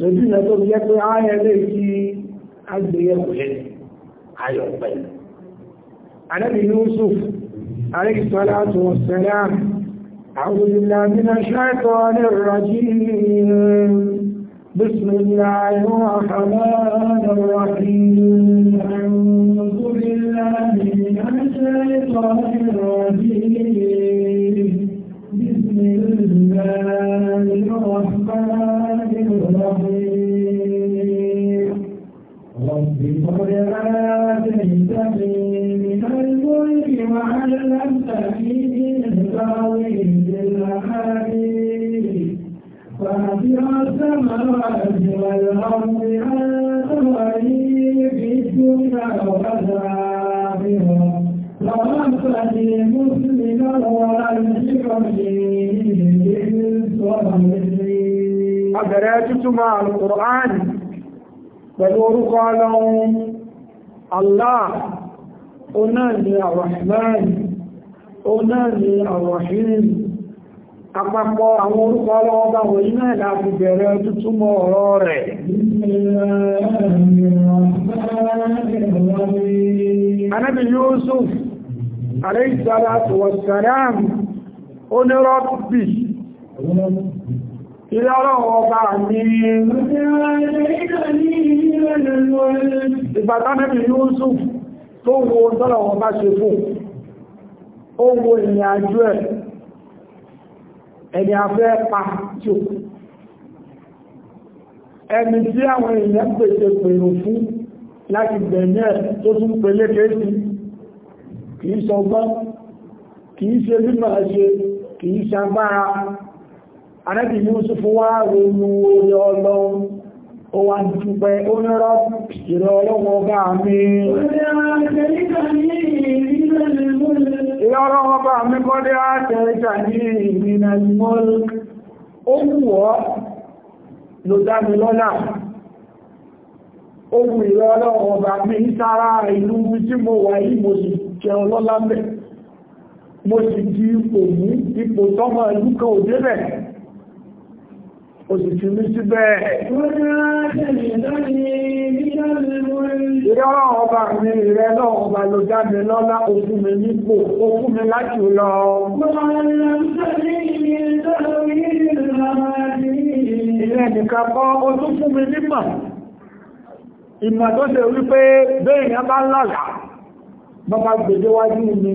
lójú ìlẹ̀ tó jẹ́ pé ayẹ lè kí agbèyẹ̀kù lẹ́nu ayọ̀ pẹ̀lú anábì Yusuf alẹ́kìsọ́lá tó sẹ́lá أعوذ بالله من الشيطان الرجيم بسم الله الرحمن الرحيم أعوذ بالله من الشيطان الرجيم قد آتيتني من الملك وعلمتني من تأويل الأحاديث فاطر السماوات والأرض أنت ولي في الدنيا والآخرة توفني مسلما وألحقني بالصالحين. أدرى تسمع القرآن pẹ̀lú orúkọ ọlọ́run Allah oná ni Ar-Rahman oná ni Ar-Rahim àpapọ̀ àwọn orúkọ ọlọ́ọba wọ̀nyí náà Yusuf alayhi salatu wassalam Ilé ọlọ́run ọba mi ìgbàtánẹ́bì Yúúsùf tó wo tọ́lọ̀wọ̀n bá ṣe fún. Ó wo ìrìn àjò ẹ̀, ẹni afẹ́ pa jù. Ẹni tí àwọn èèyàn pèsè pèrò fún láti gbẹ̀yẹ́ tó tún pèlé kéèsì, kìí sọgbọ́n, kìí ṣe bí máa ṣe, kìí ṣagbára, anábì Yusuf wá ronú orí ọlọ́run ó wá dúpẹ́ onírọ́ ìrọ̀ ọlọ́wọ́ bá mi ìrọ̀ ọlọ́wọ́ mi kọ́dé àtẹ́ríkà ní ìrìnà ìmọ́lù ó wù ọ́ ló dá mi lọ́lá ó wù ìrọ̀ ọlọ́wọ́ bá mi sára ìlú tí mo wà yìí mo sì jẹ ọlọ́lá mẹ́ mo sì di ipò mú ipò tọ́mọ ìlú kan òdébẹ̀ òsì fi mí síbẹ̀. Ìrẹ́ ọlọ́run ọba mi, ìrẹ́ ọlọ́run ọba ló dá mi lọ́lá, ó fún mi nípò, ó fún mi láti lọ. Ilé ẹnìkan kọ́, ó tún fún mi nímọ̀. Ìmọ̀ tó ṣe wípé bẹ́ẹ̀ yẹn bá lálàá, bàbá gbèdéwájú mi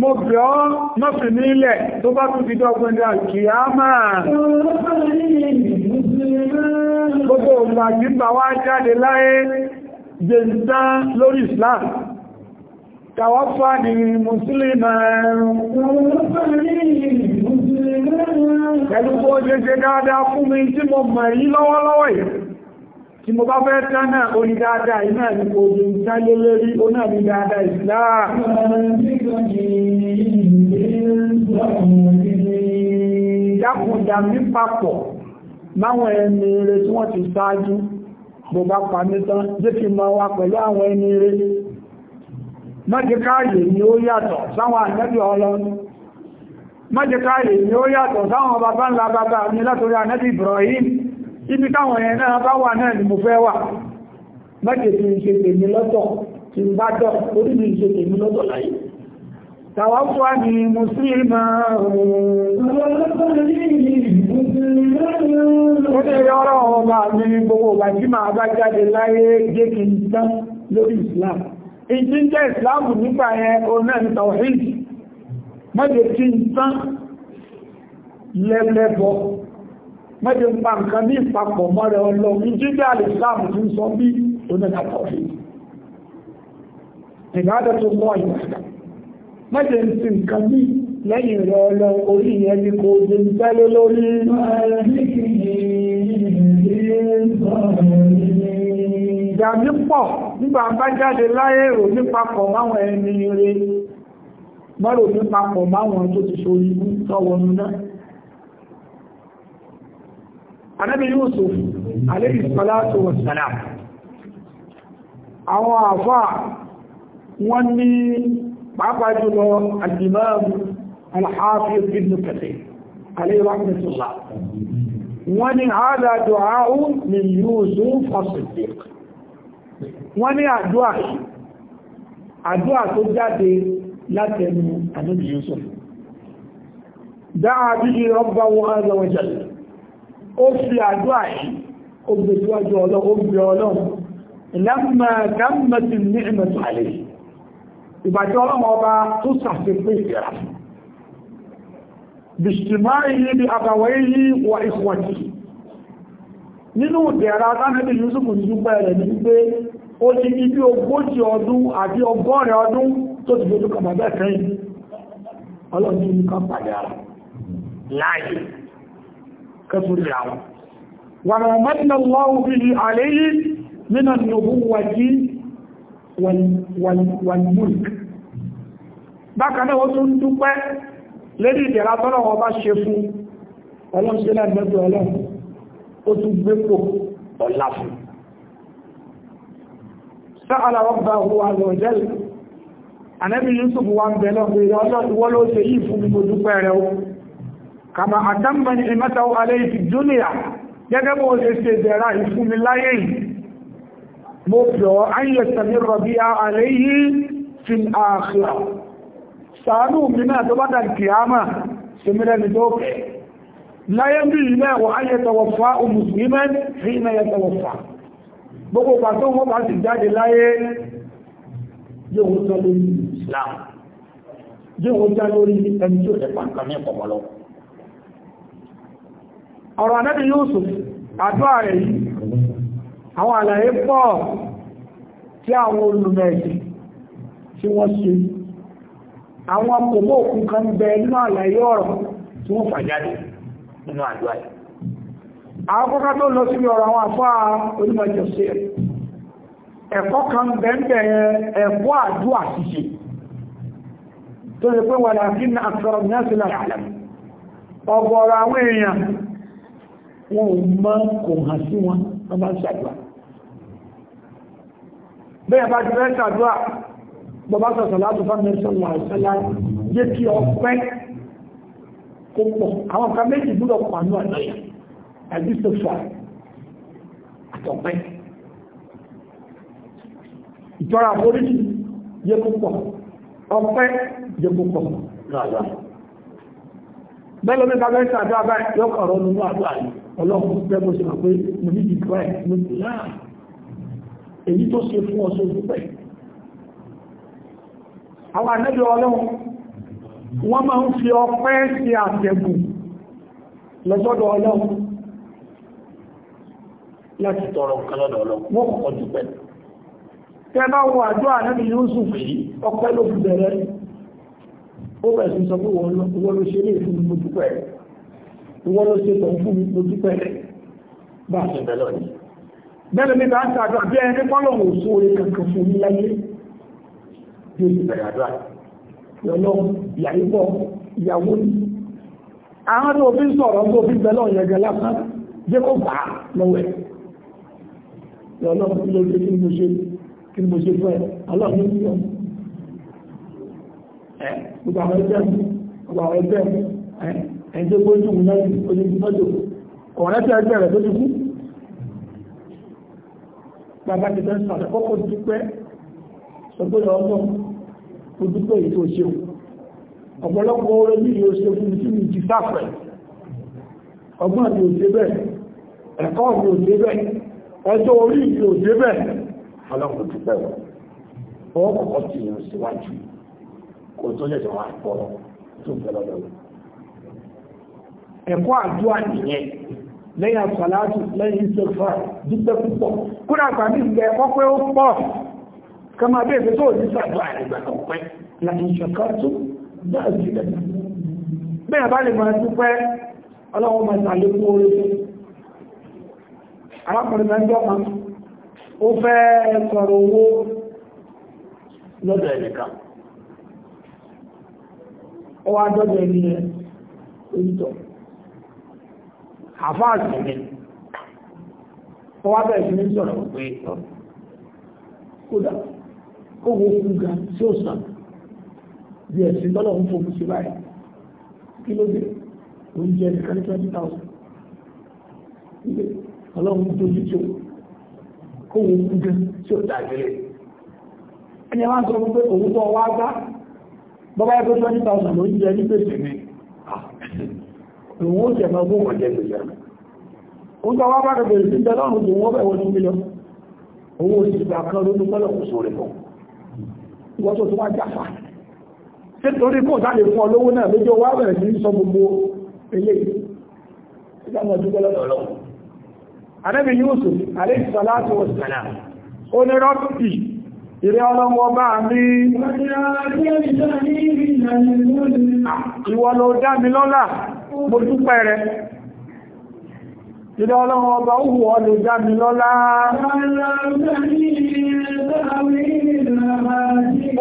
mo bẹ̀ ọ́ mọ́fì ní ilẹ̀ tó bá tún fi dọ́gbọ́n dá kìá máa gbogbo ògbàgbígbà wá jáde láyé jẹ́ǹtá lórí Islam tàwọ́fà ní mùsùlùmí ẹ̀rùn pẹ̀lú bó jẹ́ dáadáa fún mi tí mo mọ̀ yí lọ́wọ́lọ́wọ́ yìí tí mo bá fẹ́ tánà orí dáadáa iná ní ojú ìtàlé lórí oná ní dáadáa Islam dákùnjà mí papọ̀ máwọn ẹni rẹ̀ tí wọ́n ti sáájú bó bá pa mí tán jẹ́ kí mọ́ wa pẹ̀lú àwọn ẹni rẹ̀ mọ́jẹ́káyè ni ó yàtọ̀ sáwọn ànẹ́bì ọlọ́run mọ́jẹ́káyè ni ó yàtọ̀ sáwọn bàbá ńlá bàbá mi látorí ànẹ́bì Ibrahim ibi káwọn yẹn náà bá wà náà ni mo fẹ́ wà mọ́jẹ̀ tí ń ṣe tèmi lọ́tọ̀ tí ń bá dọ̀ orí mi ń ṣe tèmi lọ́tọ̀ láyé tàwọ́pọ̀ ni mùsùlùmá ó ní ọ̀rọ̀ máa islam ìjí islam nígbà yẹn oná ní tawhid mọ́jẹ̀ tí ń lẹ́lẹ́bọ̀ mẹ́jọ ń pa nǹkan ní ìpapọ̀ mọ́rẹ̀ ọlọ́run jíjẹ́ alìsílámù tí ń sọ bí onígbàtọ̀ fi ìgbàdọ̀ tó mọ́ ìgbàdà mẹ́jọ ń sin nǹkan ní lẹ́yìn rẹ̀ ọlọ́run orí ìyẹn ni kò jẹ́ ń tẹ́lẹ̀ lórí ìdàmí pọ̀ nígbà bá jáde láyé rò nípapọ̀ máwọn ẹni rẹ̀ mọ́rò nípapọ̀ máwọn tó ti ṣorí tọ́wọ́nú náà anábi Yusuf alayhi salatu wassalam àwọn àfá wọ́n ní pàápàá jùlọ al-imam al-hafiz ibn Kathir alayhi rahmatullah wọ́n ní hada du'a'u min Yusuf as-Siddiq wọ́n ní àdúà àdúà tó jáde látẹnu anábi Yusuf dáa bí rabbahu azza wa ó fi àdúrà yìí ó gbé síwájú ọlọ́run ó gbé ọlọ́run ìlànà gàmẹ́tì ní ìmẹ̀tò àlè ìbàjẹ́ ọlọ́run ọba tó sàfipé ìrà bìṣìmáì yìí bí àbàwẹ́ yìí wà ìkwọ̀tì nínú ìdẹ̀ra tánàbí Yusuf ìdúpẹ́ rẹ̀ ní wípé ó ti ní bí ogójì ọdún àti ọgọ́rin ọdún tó ti gbogbo kàmàbẹ́ kẹ́yìn ọlọ́run ní ká pàdé ara láàyè kẹtùrí àwọn wà rọ̀ mọ́tínà lọ́wọ́ bí i àlẹ́yí nínà nùbú wàjí wàlmùlk bákan náà ó tún dúpẹ́ lérí ìdẹ̀ra tọ́lọ̀ wọn bá ṣe fún ọlọ́run sílẹ̀ mẹ́tọ̀ ọlọ́run ó tún gbépò ọ̀la ọgbà òwò àlọ́jẹ́lì ànẹ́bí Yusuf wa ń bẹ̀lọ́ pé ọlọ́run wọ́n ló yìí fún gbogbo dúpẹ́ rẹ̀ ó kàmà àtàmà ní ìmẹ́tàwó alẹ́ ìfì júnìyà gẹ́gẹ́ bó ṣe ṣe bẹ̀rẹ̀ ìfúnmi láyé mo pẹ̀ ọ́ ayẹ́ sàmì rọ̀bí alẹ́ yìí fi àkìrà sàánù mi náà tó bá dà kìámà sẹ́mìrẹ́ ni tó pẹ̀ láyé bí ilẹ̀ wọ ayẹ́ tọwọ́fà òmùsùlùmẹ́ fi iná yẹ tọwọ́fà gbogbo pàtó wọn bá ọ̀rọ̀ anẹ́bì Yusuf àdúrà rẹ̀ yìí àwọn àlàyé pọ̀ tí àwọn olùmẹ̀ẹ̀sì tí wọ́n ṣe àwọn kòmó òkun kan bẹ nínú àlàyé ọ̀rọ̀ tí wọ́n fàjáde nínú àdúrà yìí àwọn kọ́kọ́ tó lọ sí ọ̀rọ̀ àwọn onímọ̀jọ̀ sí kan ẹ̀kọ́ àdúrà ṣíṣe tó lè pé àkọrọ̀ àwọn èèyàn wọn ò mọ kò hàn sí wọn wọn bá ń ṣàdúrà bẹ́ẹ̀ bá ti fẹ́ ṣàdúrà bàbá sọ̀sọ̀ láti fún mi sọ̀rọ̀ àìsọ́lá yé kí ọpẹ́ kó pọ̀ àwọn kan méjì gbúdọ̀ pọ̀ àánú àdáyà àbí sọ̀fà àtọ̀pẹ́ ìtọ́ra àforíjì yé kó pọ̀ ọpẹ́ yé kó pọ̀ rárá bẹ́ẹ̀ lómi bá fẹ́ ṣàdúrà báyìí yọkọ̀ ọ̀rọ̀ nínú àdúrà yìí ọlọ́run pẹ́ bó ṣe wà pé mo ní ìdíkọ́ ẹ̀ mo ní láà èyí tó ṣe fún ọ̀ṣọ́ ìdúpẹ́ àwọn ànábì ọlọ́run wọ́n máa ń fi ọpẹ́ sí àtẹ̀gùn lọ́sọ́dọ̀ ọlọ́run láti tọrọ nǹkan lọ́dọ̀ ọlọ́run wọ́n kọ̀kọ́ dúpẹ́ tẹ́ bá wo àjọ ànábì Yusuf yìí ọpẹ́ ló fi bẹ̀rẹ̀ ó bẹ̀rẹ̀ sí sọ ìwọ ló ṣe tọ̀ fún mi mo dúpẹ́ rẹ̀ bá a ṣe bẹ̀ lọ yìí. bẹ́ẹ̀ ni bá ń ṣàdúrà bí ẹni pọ́lọ̀mù òṣù orí kankan fún mi láyé bí o ti bẹ̀rẹ̀ àdúrà yọlọ ìyàwó bọ̀ ìyàwó ni. àwọn tó fi ń sọ̀rọ̀ tó fi bẹ̀ lọ yẹn gẹ lásán jẹ́ kó bà á lọ́wọ́ ẹ̀. yọlọ kí ló ṣe kí ni mo ṣe kí ni mo ṣe fún ẹ ọlọ́run ní ìyọ. ẹ gbogbo àwọn ẹgbẹ́ mi gbogbo àwọn ẹgbẹ́ mi ẹni tó gbójú mú náà mọ́tò ọ̀rẹ́ tí a jẹ́ rẹ̀ tó ti kú bàbá ti tẹ́sán àkọ́kọ́ dúpẹ́ sọgbọ́dọ̀ ọmọ ó dúpẹ́ èyí tó ọ̀pọ̀lọpọ̀ orin ní ìyó tí mi ti sáfẹ̀ ọgbọ́n mi ò bẹ́ẹ̀ ẹ̀kọ́ mi ò bẹ́ẹ̀ ọjọ́ orí mi ò bẹ́ẹ̀ ọlọ́run dúpẹ́ wọn ọwọ́ ti yàn ẹ̀kọ́ àdúrà nìyẹn lẹ́yìn àsàlátù lẹ́yìn ìṣẹ́fà dúpẹ́ púpọ̀ kúrò àgbàmí ìgbẹ́ ẹ̀kọ́ ó pọ̀ kama bẹ́ẹ̀ fẹ́ tó ní sàdúrà kan pẹ́ láti ṣọ̀kọ́tù dáa sí lẹ́nu bá àfáàsì ni wọ́n wá bẹ̀rẹ̀ sí ní sọ̀rọ̀ pé kódà ó wo fún ga tí ó sàn bí ẹ̀sìn tọ́lọ̀ ń fòkù sí báyìí kí ló dé oúnjẹ nìkan ní twenty thousand ilé ọlọ́run dojú tí ó kó wo fún ga tí ó dàgbélé ẹni wá sọ fún pé twenty thousand ló ń jẹ ní gbèsè ìwọ́n ó jẹ máa mú wọn jẹ gbèsè ó tọ́ wá bá bẹ̀rẹ̀ sí bẹ́ẹ̀ lọ́rùn tó wọ́n bẹ̀wọ̀ ní mílíọ̀ owó ìgbà kan ló dúpẹ́ lọ́kùn sórí fún ìwọ́n tó tó wá jàfà ṣé torí kò sáà lè fún ọ lówó náà lójó wá bẹ̀rẹ̀ sí sọ gbogbo eléyìí ìgbà wọn dúpẹ́ lọ́dọ̀ lọ́wọ́ Ànábì Yusuf alayhi salatu wassalam ó ní rọ́pì ìrẹ́ ọlọ́wọ́ bá rí ìwọ ló dá mi lọ́lá mo dúpẹ́ rẹ̀ Ìdá ọlọ́run ọba ó wù ọ́ lè já mi lọ́lá.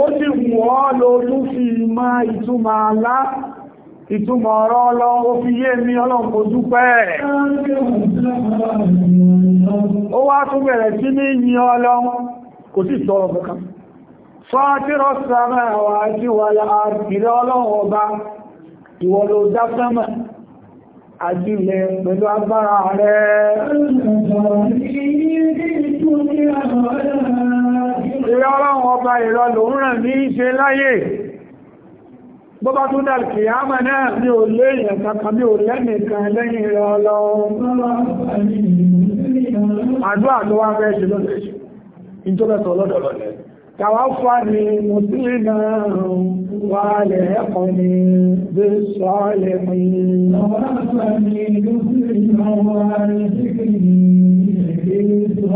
Ó sì wù ọ́ ló tún fi ma ìtumọ̀ àlá, ìtumọ̀ ọ̀rọ̀ ọlọ́run ó fi yé mi ọlọ́run kò dúpẹ́. Ó wá tún bẹ̀rẹ̀ sí ní yin ọlọ́run, kò sí sọ̀rọ̀ kankan. Fọ́tírọ̀ sàmẹ́ àwọn àjíwà ajílẹ̀ pẹ̀lú agbára rẹ̀ ìrẹ́ ọlọ́run ọba ìrọ̀ lòun ràn ní ṣe láyé bó bá tún dà kì á náà ní ò léèyàn kankan bí ò lẹ́nìkan lẹ́yìn ìrẹ́ ọlọ́run àdúrà ló fẹ́ ṣe lọ́dọ̀ ìjọba tọ̀ lọ́dọ̀ lọ́dọ̀ توفني مسلما والحقني بالصالحين توفني مسلما توفني مسلما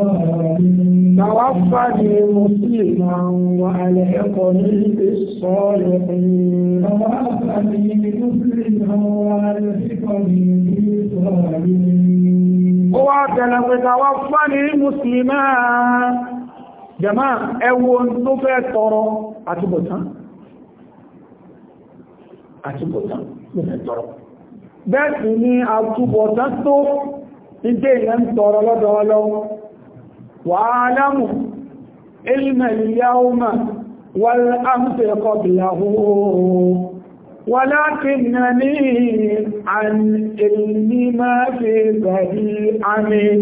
والحقني بالصالحين توفني مسلما والحقني بالصالحين هو كان توفني مسلما jama ẹwọ tó fẹ́ tọrọ àtúbọ̀tán àtúbọ̀tán ló fẹ́ tọrọ bẹ́ẹ̀ sì ni àtúbọ̀tán tó ní dé ilẹ̀ ń tọrọ lọ́dọọlọ́wọ́ wàálàmù ilmẹ̀ ìyáwọ́mà wal amsi qablahu walakinani an ilmi ma fi bari amin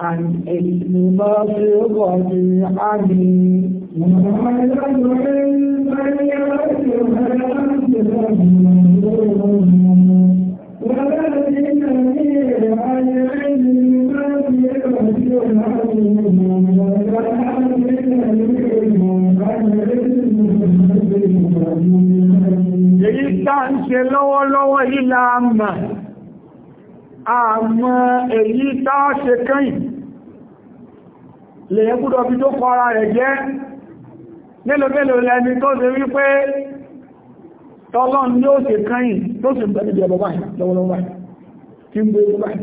عن إثم بصيرة عمي Èyí tá ń ṣe lọ́wọ́lọ́wọ́ yìí láàmà, àmọ́ èyí tá ṣe kẹ́yìn lèyẹ gbúdọ̀ bí tó kọra rẹ̀ jẹ́ mélòmélòó lẹni tó ṣe wípé tọ́lọ́n ni ó ṣe káyìn tó sì ń bẹ̀rẹ̀ ìdí ọ̀bọ̀ báyìí lọ́wọ́lọ́wọ́ báyìí tí ń gbé báyìí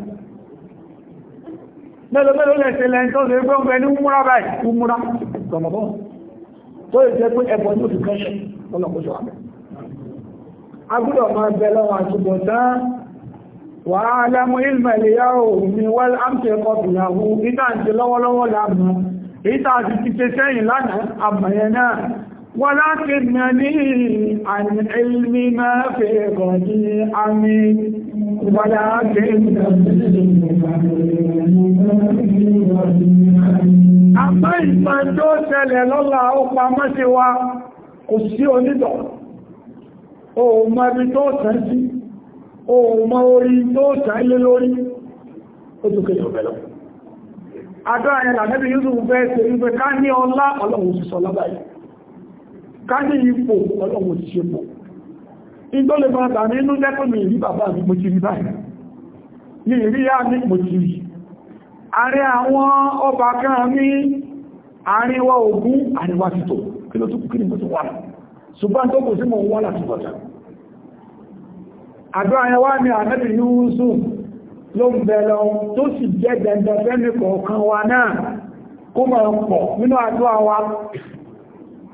mélòmélòó lẹ́sẹ̀ lẹni tó ṣe gbọ́ ní múra báyìí tó múra tọ̀mọ̀bọ̀ tó lè jẹ́ pé ẹ̀bọ̀ ní òṣù kẹ́ṣẹ̀ lọ́lọ́kọ́ṣọ́ àbẹ̀ wàálàmù ilmẹ̀ ìyáwó mi wọ́n ámṣe kọfìyàwó ìtàǹtì lọ́wọ́lọ́wọ́ láàmù ìtàǹtì ti ṣe sẹ́yìn lánàá àmàyẹ náà wọ́n láti mẹ́ ní àmì ilmi máa fẹ́ ẹ̀kọ́ ní àmì wọ́lá Àmọ́ ìmọ̀ tó ṣẹlẹ̀ o mọ orí tó ṣàílé lórí ó tó kéjọ bẹ̀lọ àdọ́ àyẹ̀lá nẹ́bí Yusuf fẹ́ ṣe wípé ká ní ọlá ọlọ́run ti sọ lábáyé ká ní ipò ọlọ́run ti ṣe pò ìgbọ́lẹ̀ máa bà nínú lẹ́kùn mi rí bàbá mi mo ti rí báyìí ní ìrí yá mi mo ti rí ààrẹ àwọn ọba kan ní àríwá ogun àríwá títò kí ló tó kí ni mo ti wà ṣùgbọ́n tó kò sí mọ̀ wọ́n láti bọ̀tà àdúrà yẹn wá ní ànábì Yúsúf ló ń lọ tó sì jẹ́ dandan fẹ́mi kọ̀ọ̀kan wa náà kó mọ̀ pọ̀ nínú àdúrà wa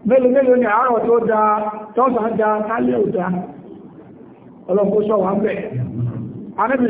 mélòó ní àárọ̀ tó da tọ́sà da kálẹ̀ ò da ọlọ́kóṣọ́ bẹ̀ ní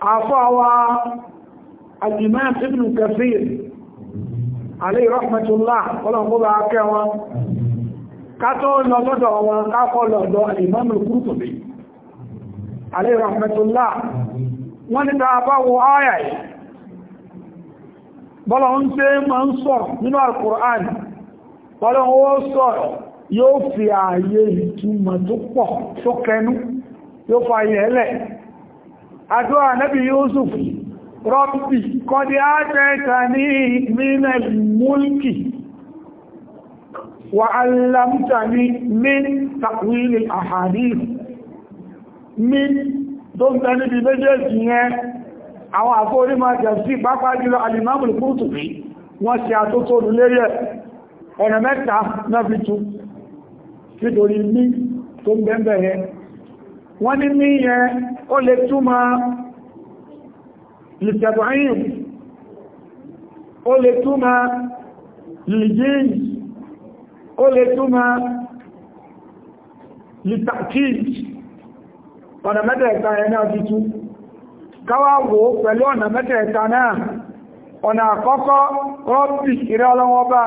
àfáwà al-imam ibn kathir alayhi rahmatullah ọlọ́pọ̀lọ́ akẹ́ wọn kátó lọ lọ́dọ̀ wọn kákọ́ lọ́dọ̀ imam al-qurtubi alayhi rahmatullah wọ́n ni ta bá wo áyà yìí ma al yóò fi ààyè ìtumọ̀ tó pọ̀ yóò fa ẹlẹ́ àdúrà nẹ́bí Yusuf rọ́pì kọ́dí ájẹ́ta ní ìmìnà múlkì wà alamta ní min takwili ahadith min tó ń tẹ́lú bí méjèèjì yẹn àwọn àfórí máa jẹ̀sí pápá jùlọ alimamul Qurtubi wọ́n ṣe àtótó lérí ọ̀nà mẹ́ta náà fi nítorí ní tó ń bẹ́ẹ̀ wọ́n ní ní yẹn ó lè túmọ̀ lìtẹ̀bọ̀nyìn ó lè ya lìjíǹ ó lè túmọ̀ lìtàkìj ọ̀nà mẹ́tẹ̀ẹ̀ta ẹ̀nà títú káwàwò pẹ̀lú ọ̀nà mẹ́tẹ̀ẹ̀ta náà ọ̀nà àkọ́kọ́ rọ́pì ìrẹ́ ọlọ́wọ́ bá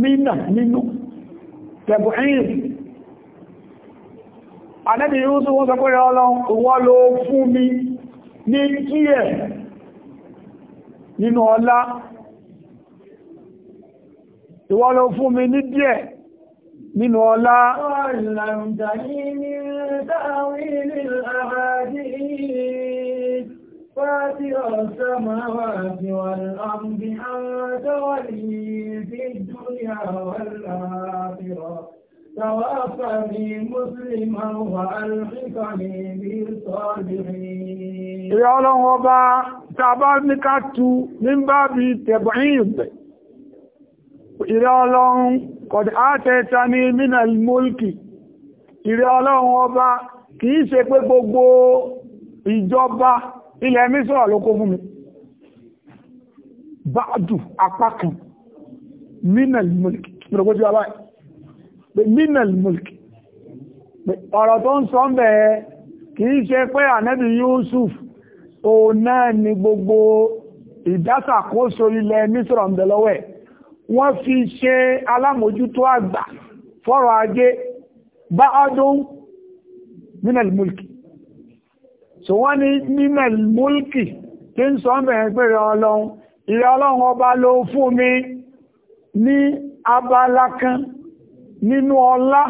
mi wọ́n tẹ̀bùhìn anẹ́bì yúúsù wọ́n sọ pé rẹ ọlọ́run ìwọ ló fún mi ní díẹ̀ nínú ọlá ìwọ ló fún mi ní díẹ̀ nínú ọlá ọ̀rìnlẹ̀ فاتر السماوات والأرض أنت ولي في الدنيا والآخرة توفني مسلما وألحقني بالصالحين. يا الله وبا تابعني كاتو من باب تبعيد. Ìrẹ́ ọlọ́run kọ̀dá àtẹta ní mínà ìmọ́lìkì. Ìrẹ́ ọlọ́run ọba kìí ṣe pé gbogbo ìjọba ilẹ̀ mísọ́rọ̀ ló kó fún mi báàdù apá kan minal mulki ìrọ̀gbójú abá pé minal mulki ọ̀rọ̀ tó ń sọ ń bẹ̀ ẹ́ kìí ṣe pé ànẹ́bì Yusuf o náà ni gbogbo ìdásàkóso ilẹ̀ mísọ́rọ̀ ń bẹ̀ lọ́wọ́ wọ́n fi ṣe alámòjútó àgbà fọ́rọ̀ ajé báàdù minal mulki so wọ́n ni mímẹ̀ múlkì tí ń sọ mẹ́rin pèrè ọlọ́run ìrẹ́ ọlọ́run ọba ló fún mi ní abala kan nínú ọlá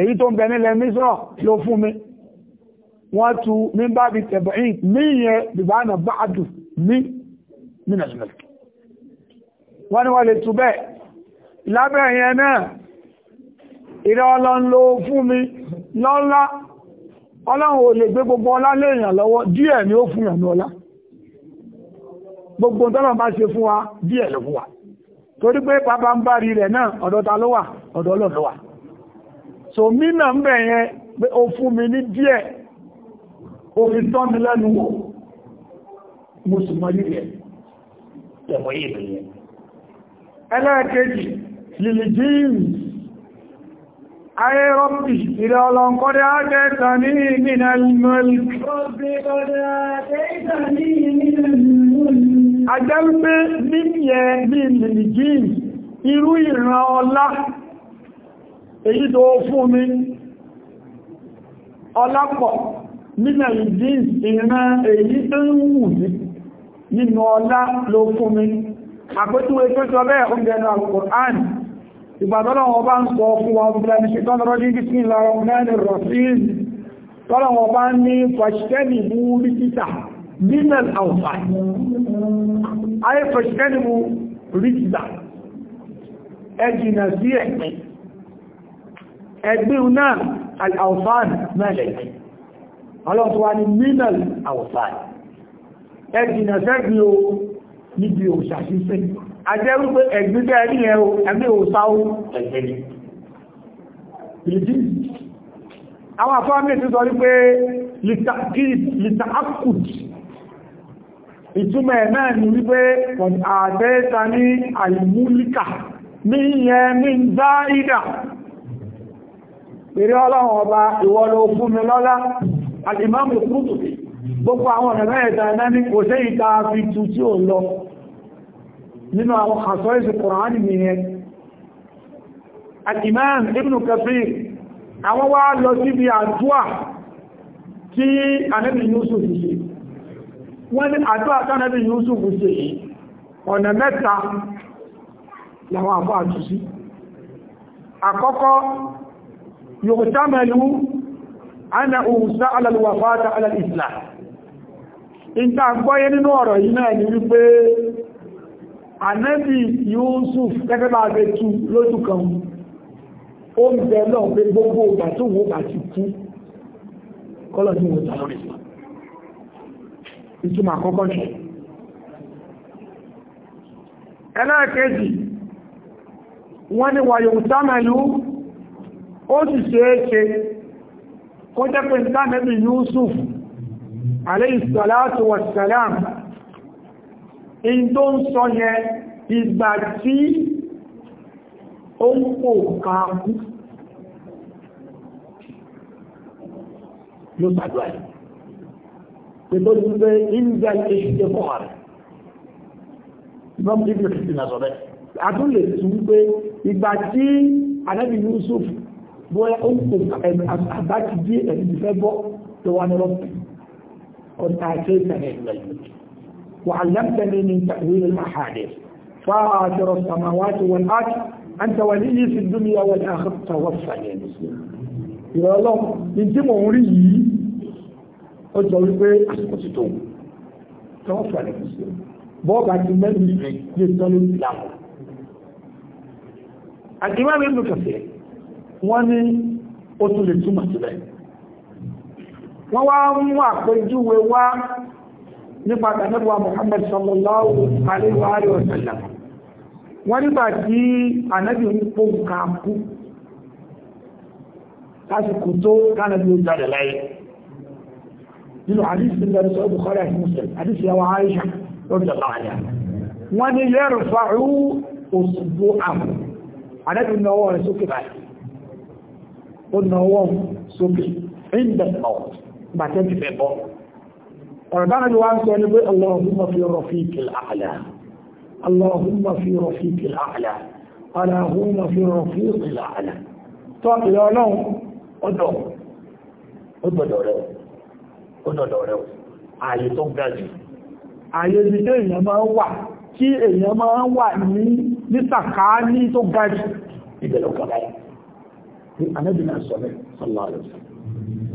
èyí tó ń bẹ nílẹ̀ mísírọ̀ ló fún mi wọ́n tu mí bá bí tẹ̀bọ̀ yìí mí yẹn bìbá náà bá àdù mí nínú ẹ̀sùn mẹ́rin wọ́n ní wọ́n lè ìrẹ́ ọlọ́run ló fún mi lọ́lá ọlọ́run ò lè gbé gbogbo ọlá léèyàn lọ́wọ́ díẹ̀ ni ó fún yàn ní ọlá gbogbo tọ́lọ̀ bá ṣe fún wa díẹ̀ ló fún wa torí pé bàbá ń bá rí rẹ̀ náà ọ̀dọ̀ ta ló wà ọ̀dọ̀ ọlọ́run ló wà so mí náà ń bẹ̀ yẹn pé ó fún mi ní díẹ̀ ó fi tọ́ mi lẹ́nu Ayé rọ́pì ilẹ̀ ọlọ́nkọ́dá tẹ́ta ní ìmìnà ìmọ̀lì. Ajẹ́ wípé mímìyẹ bí mìlìgìn irú ìran ọlá èyí tó fún mi ọlápọ̀ nínà ìdín ìran èyí tó ń wù ní nínú ọlá ló fún mi. Àpótúwé tó sọ bẹ́ẹ̀ oúnjẹ náà Kùránì ìgbàtọ́lọ́wọ́ bá ń sọ fún wa bílẹ̀ni ṣetán rọ́jí bísí lọ́rọ̀ mẹ́rin rọ̀síìn tọ́lọ́wọ́ bá ń ní fàṣẹ́lì mú ríkítà minal outside ayé fàṣẹ́lì mú ríkítà ẹjìnà sí ẹ̀pẹ́ ẹgbẹ́ náà al-outside mẹ́lẹ̀ ọlọ́tọ́wà ní minal o níbi òṣàṣíṣẹ́ ajẹ́ wípé ẹ̀gbígbẹ́ ẹ̀rí yẹn ẹgbẹ́ ẹ̀mí ò àwọn afọ́mí ti sọ wípé lítà akùt ìtumẹ̀ náà ni wípé àtẹ́ta ní àìmúlíkà ní ní dá ìdà pèrè ọlọ́run ọba ìwọ́lọ fún mi lọ́lá alìmọ́mù kúrùtù gbogbo àwọn ọ̀rẹ́ kò fi tu tí ó lọ nínú àwọn àṣọ́ ìṣẹ́ kùránì nìyẹn al-imam ibn kafir àwọn wá lọ síbi àdúà tí anẹ́bì yusuf ṣe wọ́n ní àdúà tánẹ́bì yusuf ṣe ọ̀nà mẹ́ta làwọn àbọ́ àtúsí àkọ́kọ́ yóò támẹ́lú ana òhùsá alàlùwàfáta alàlìsìlá ìta gbọ́yé nínú ànábì Yusuf gẹ́gẹ́ bá gbé tú lójú kan ó ń bẹ náà pé gbogbo ìgbà tó wọ́n bá ti kú kọ́lọ̀ ní wọ́n tàbí ìtumọ̀ àkọ́kọ́ ṣe ẹlẹ́ẹ̀kejì wọ́n ni wà yóò sámẹ́lú ó sì ṣe é ṣe kó jẹ́ pé ìtànẹ́bì Yusuf alayhi salatu in tó ń sọ yẹ ìgbà tí ó ń pò káàkú ló gbàdúrà yìí pẹ̀lú ìgbẹ́ ìgbà ìṣẹ́ fọ́ rẹ̀ ìbọn bíbí òkìtì nà sọ̀rẹ́ àtún lè tún pé ìgbà tí anábì Yusuf bóyá ó ń pò àbá ti dí ẹ̀mí fẹ́ bọ́ tó wà ní ọ̀pẹ̀ ọ̀tà àti ìtàn ìgbà yìí وعلمتني من تأويل الأحاديث فاطر السماوات والأرض أنت ولي في الدنيا والآخرة توفني يا الله من تموري أجل بي أسكتتون توفني بابا تمني يتلو الإسلام الإمام ابن كثير وأني أتلت ثم تبعي wọ́n wá mú àpèjúwe wá nípa tàbíwà Muhammad sallallahu alaihi wa sallam wọ́n nígbà tí ànábì ń pò kàmpú lásìkò tó kánàbí ó jáde láyé nínú àdísì lẹ́rù sọ Bukhari àti Muslim àdísì yawa Aisha lórí da láàáyà wọ́n ni yẹ́rù fa'ú òṣùgbó àmù ànábì náwọ́ rẹ̀ sókè báyìí ọ̀rọ̀dára ni wọ́n sọ ní pé allahumma fi rafiqil a'la allahumma fi rafiqil a'la allahumma fi rafiqil a'la tó ìyọ́ náà ọdọ̀ ọdọ̀ rẹ̀ ọdọ̀ rẹ̀ ààyè tó ga jù ààyè ibi tí èèyàn máa ń wà tí èèyàn máa ń wà ní nítàkà ní tó ga jù ìbẹ̀lẹ̀ ọ̀kadà yìí anábìnà sọ̀rọ̀ sallallahu alaihi wasallam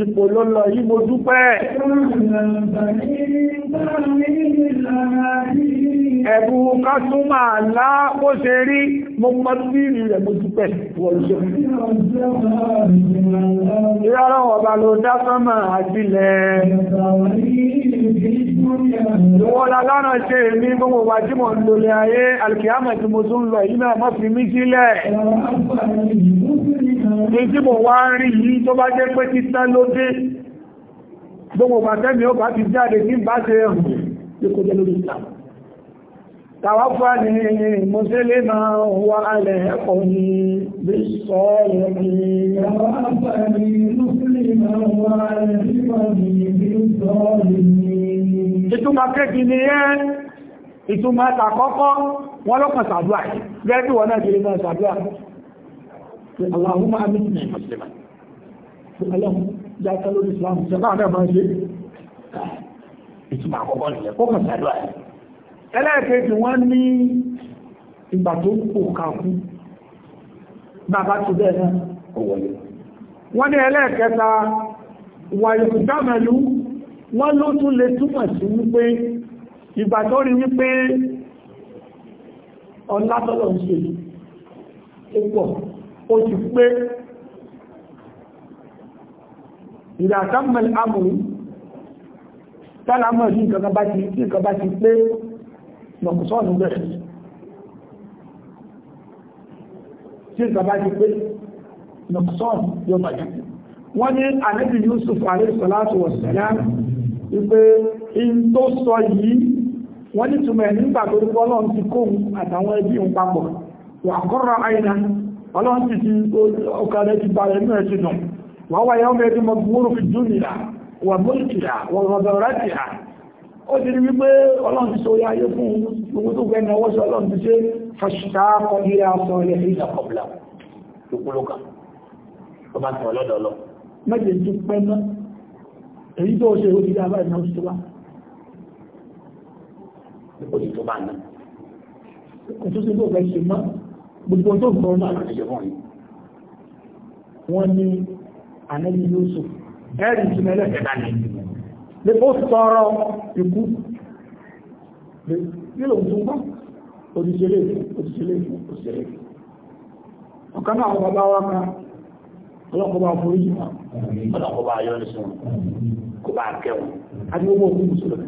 ipò ló lọ yí mo dúpẹ́ ẹ̀bù ká tún máa lá ó ṣe rí mo mọ́ sí ìrì rẹ̀ mo dúpẹ́ wọ̀lúṣẹ́ ìrọ̀rọ̀ ọba ló dásánmà àjílẹ̀ ìwọ́lá lọ́nà ṣe èmi gbogbo wà tí mo ń lòlẹ̀ ayé alkiyama tí mo tún lọ ìlú náà tí mo wá rí yìí tó bá jẹ́ pé títà ló dé gbogbo pàtẹ́mì ó bá ti jáde ní bá ṣe ẹ̀hùn tí kò jẹ́ lórí ìtumà kéèkì ni ẹ́ ìtumà tàkọ́kọ́ wọ́n lọ́kàn sàdúrà gẹ́gẹ́ wọ́n náà Allahumma amina musliman ọlọ́run jákẹ́ lórí Islam ṣẹlá náà máa ṣe ìtumọ̀ àkọ́kọ́ nìyẹn kó kàn sàdúrà ẹ̀ ẹlẹ́ẹ̀kejì wọ́n ní ìgbà tó kò kàkú bàbá tó bẹ́ẹ̀ náà kò wọlé wọ́n ní ẹlẹ́ẹ̀kẹta wàyùkù dámẹ́lú wọ́n ló tún lè túmọ̀ sí wípé ìgbà tó rí wípé ọlátọ́lọ́ ń ṣe é ó ti pé ìdàtàmàlì amòrí tálàmà ní nǹkan bá ti nǹkan bá ti pé mọ̀kùsọ́nù bẹ̀rẹ̀ tí nǹkan bá ti pé mọ̀kùsọ́nù yóò bàjẹ́ wọ́n ní ànábì Yusuf alayhi salatu wassalam wípé in tó sọ yìí wọ́n ní túnmọ̀ nígbà tó rí bọ́lọ́ ti kóhun àtàwọn ẹbí òun papọ̀ wà kọ́rọ̀ àìná ọlọ́run ti ti ọkàrẹ́ ti balẹ̀ ní ẹ̀sìn nù wọ́n wáyé ọmọ ẹni mọ gbúrú fi dúnìyà wà mọ́lìkìyà wà rọ̀dọ̀rẹ́tìyà ó ti rí wípé ọlọ́run ti sórí ayé fún owó tó fẹ́ náwó sí ọlọ́run ti ṣe fàṣìkà kọbílẹ̀ aṣọ ilẹ̀ sí ìṣàkọbìlà ìpolóka ó bá tẹ̀ ọlọ́dọ̀ lọ mẹ́jẹ̀ ti pẹ́ mọ́ èyí tó ṣe ó ti dá báyìí náà tó bá ó ti tó kò tó ṣe tó fẹ́ ṣe mọ́ gbogbo tó gbọ́ náà lè jẹ fún yìí wọ́n ní anẹ́bí Yusuf ẹ̀rì tí mẹ́lẹ̀ ẹ̀dá ní lè ó sọ̀rọ̀ ikú nílò tó gbọ́ òṣìṣẹ́lẹ̀ òṣìṣẹ́lẹ̀ òṣìṣẹ́lẹ̀ ọ̀kan náà àwọn bàbá wa kan ọlọ́kọ̀ọ́bá foríjì wọn ọlọ́kọ̀ọ́bá ayọ́rẹ́ sí wọn kò bá kẹwọn àti gbogbo òkú mùsùlùmí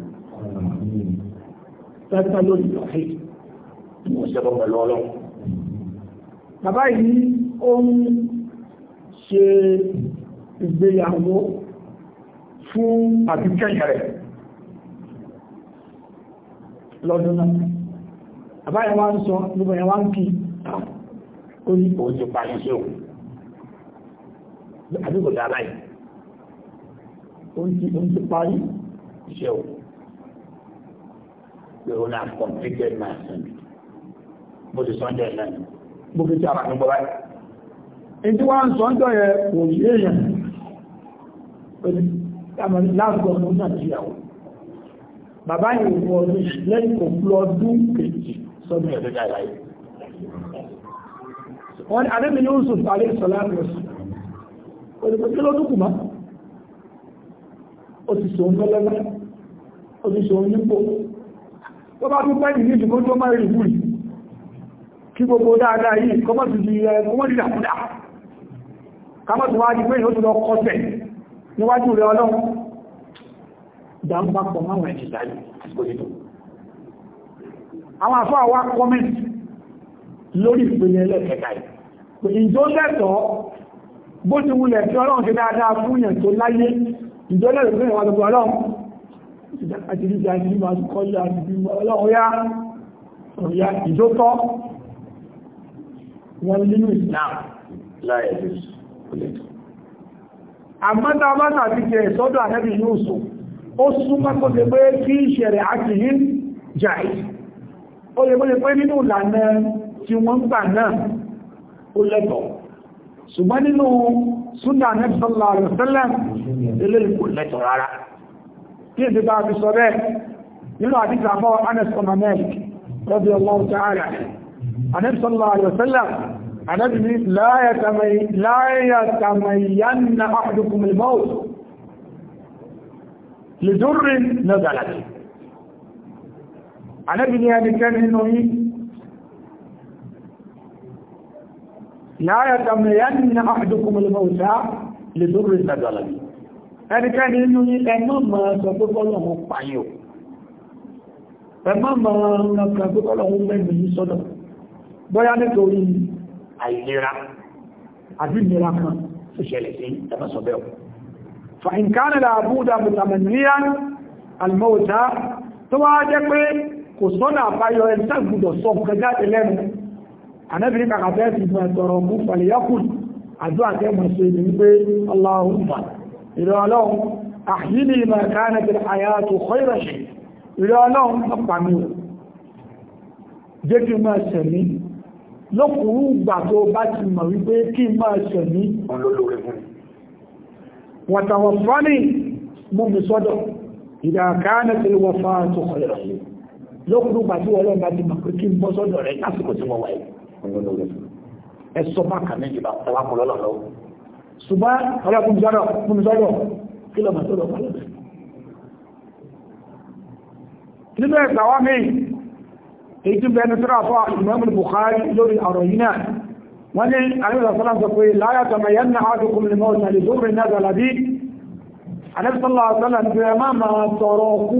tẹ́tẹ́ lórí ìlọ́hìn ìmọ̀ ìṣẹ́bọ̀ pẹ̀lú ọlọ́run bàbá yìí ó ń ṣe ìgbéyàwó fún àbíkẹ́yìn rẹ̀ lọ́dún náà bàbá yẹn wá ń sọ gbogbo yẹn wá ń kí ó ní òun ti pa iṣẹ́ òun àdúgbò dáa láì òun ti parí iṣẹ́ òun pé òun náà completed my assignment mo ti sọ́njẹ́ náà gbogbo tí ara nígbọ́ láì in tí wọ́n ń sọ ń jọ yẹ kò yí èèyàn láàrùgbọ́ ní nàìjíríàwó bàbá ìwọ̀ lẹ́yìn kò fún ọdún kejì sọ́dún ẹ̀rẹ́ dáyàí wọ́n ni adébí yóò sùn parí sọ́láàrùsùn olùpẹ̀kẹ́ lọ́dún kùmá ó ti sọ mẹ́lẹ́lẹ́ ó ti sọ nípò tó bá tún kí gbogbo dáadáa yìí kọmọ́tù di ẹgbọ́n ìdàkúdà kọmọ́tù wá di pé ìlú tó lọ kọsẹ̀ níwájú rẹ ọlọ́run dáńbàpọ̀ máwọn ẹ̀jì dáyé àgbòyìnbó àwọn àfáà wá kọ́mẹ́ntì lórí ìpínlẹ̀ ẹlẹ́kẹta yìí ìjọ lẹ́tọ̀ọ́ bó ti wulẹ̀ tí ọlọ́run ti dáadáa fún yẹn tó láyé ìjọ lẹ́tọ̀ọ́ fún ìwọ̀n gbogbo ọlọ́run àti ìjọ àti ìjọ àti ìjọ àti ìjọ àti ìjọ àti ìjọ àti ìjọ wọn nínú Islam láyé lóṣù àmọ́ta bá tàbí jẹ ìsọ́dọ̀ ànẹ́bì ní òṣù ó súnmọ́ kó lè pé kí ìṣẹ̀rẹ̀ àti yí jàì ó lè mọ́lẹ̀ pé nínú ìlànà tí wọ́n ń gbà náà ó lẹ́tọ̀ ṣùgbọ́n nínú súnà ànẹ́bì sallallahu alaihi wasallam eléyìí kò lẹ́tọ̀ rárá kí èdè bá fi sọ bẹ́ẹ̀ nínú àdíjà bọ́ Anas ọmọ mẹ́rin radiyallahu ta'ala anhu anẹ́bìsọ́lá àyọ̀sẹ́lá anẹ́bìní láyàtàmàyàn àdùkùn ìmọ́ọ̀ lè dúrì lọ́gbàlájì anẹ́bìní ẹnikẹ́ni nínú yí láyàtàmàyàn àdùkùn ìmọ́ọ̀ta lè dúrì lọ́gbàlájì ẹnikẹ́ni nínú yí ẹnú mọ́ sọ pé kọ́lọ̀ mọ́ pàyẹ̀ ẹ̀mọ́ mọ́ ọ̀rọ̀ kan pé kọ́lọ̀ mọ́ mẹ́rin sọ́dọ̀ bóyá nítorí àìlera àbí ìlera kan tó ṣẹlẹ̀ sí ẹ̀mọ́sọ̀bẹ̀ fa in kana la abuda mutamanniyan almauta tó wá jẹ́ pé kò sọ́nà àbáyọ ẹni tá gbọ́dọ̀ sọ nǹkan jáde lẹ́nu anábìrí kàkàfẹ́ ti mọ̀ ẹ̀tọ̀rọ̀ mú fàlẹ́yàkùn àdó àtẹ́mọ̀ sí ni wípé ìrọ̀ ọlọ́run àhílì ma kana jẹ́ kí máa sẹ̀mí lókùnrú ìgbà tó bá ti mọ̀ wípé kí n máa ṣẹ̀ ní wàtàwọ̀ fọ́nì mú mi sọ́dọ̀ ìdàkánà tí wọ́n fà á tó kọ̀lẹ̀ rẹ̀ lókùnrú ìgbà tí wọ́n bá ti mọ̀ pé kí n bọ́ sọ́dọ̀ rẹ̀ lásìkò tí wọ́n wáyé ẹ̀sọ́ bá kà méjì bá tẹwà kọ̀ lọ́lọ́ lọ́wọ́ èyí tún bẹni tírà fọ́ Imam Bukhari lórí ọ̀rọ̀ yìí náà wọ́n ní àríwá sọ́lá sọ pé láyà tọmọ yẹn náà àti kùnlẹ̀ mọ́ ọ̀sán lè lórí náà gàlàbí àdẹ́sọ́lá sọ́lá ní pé máa máa tọrọ ọkú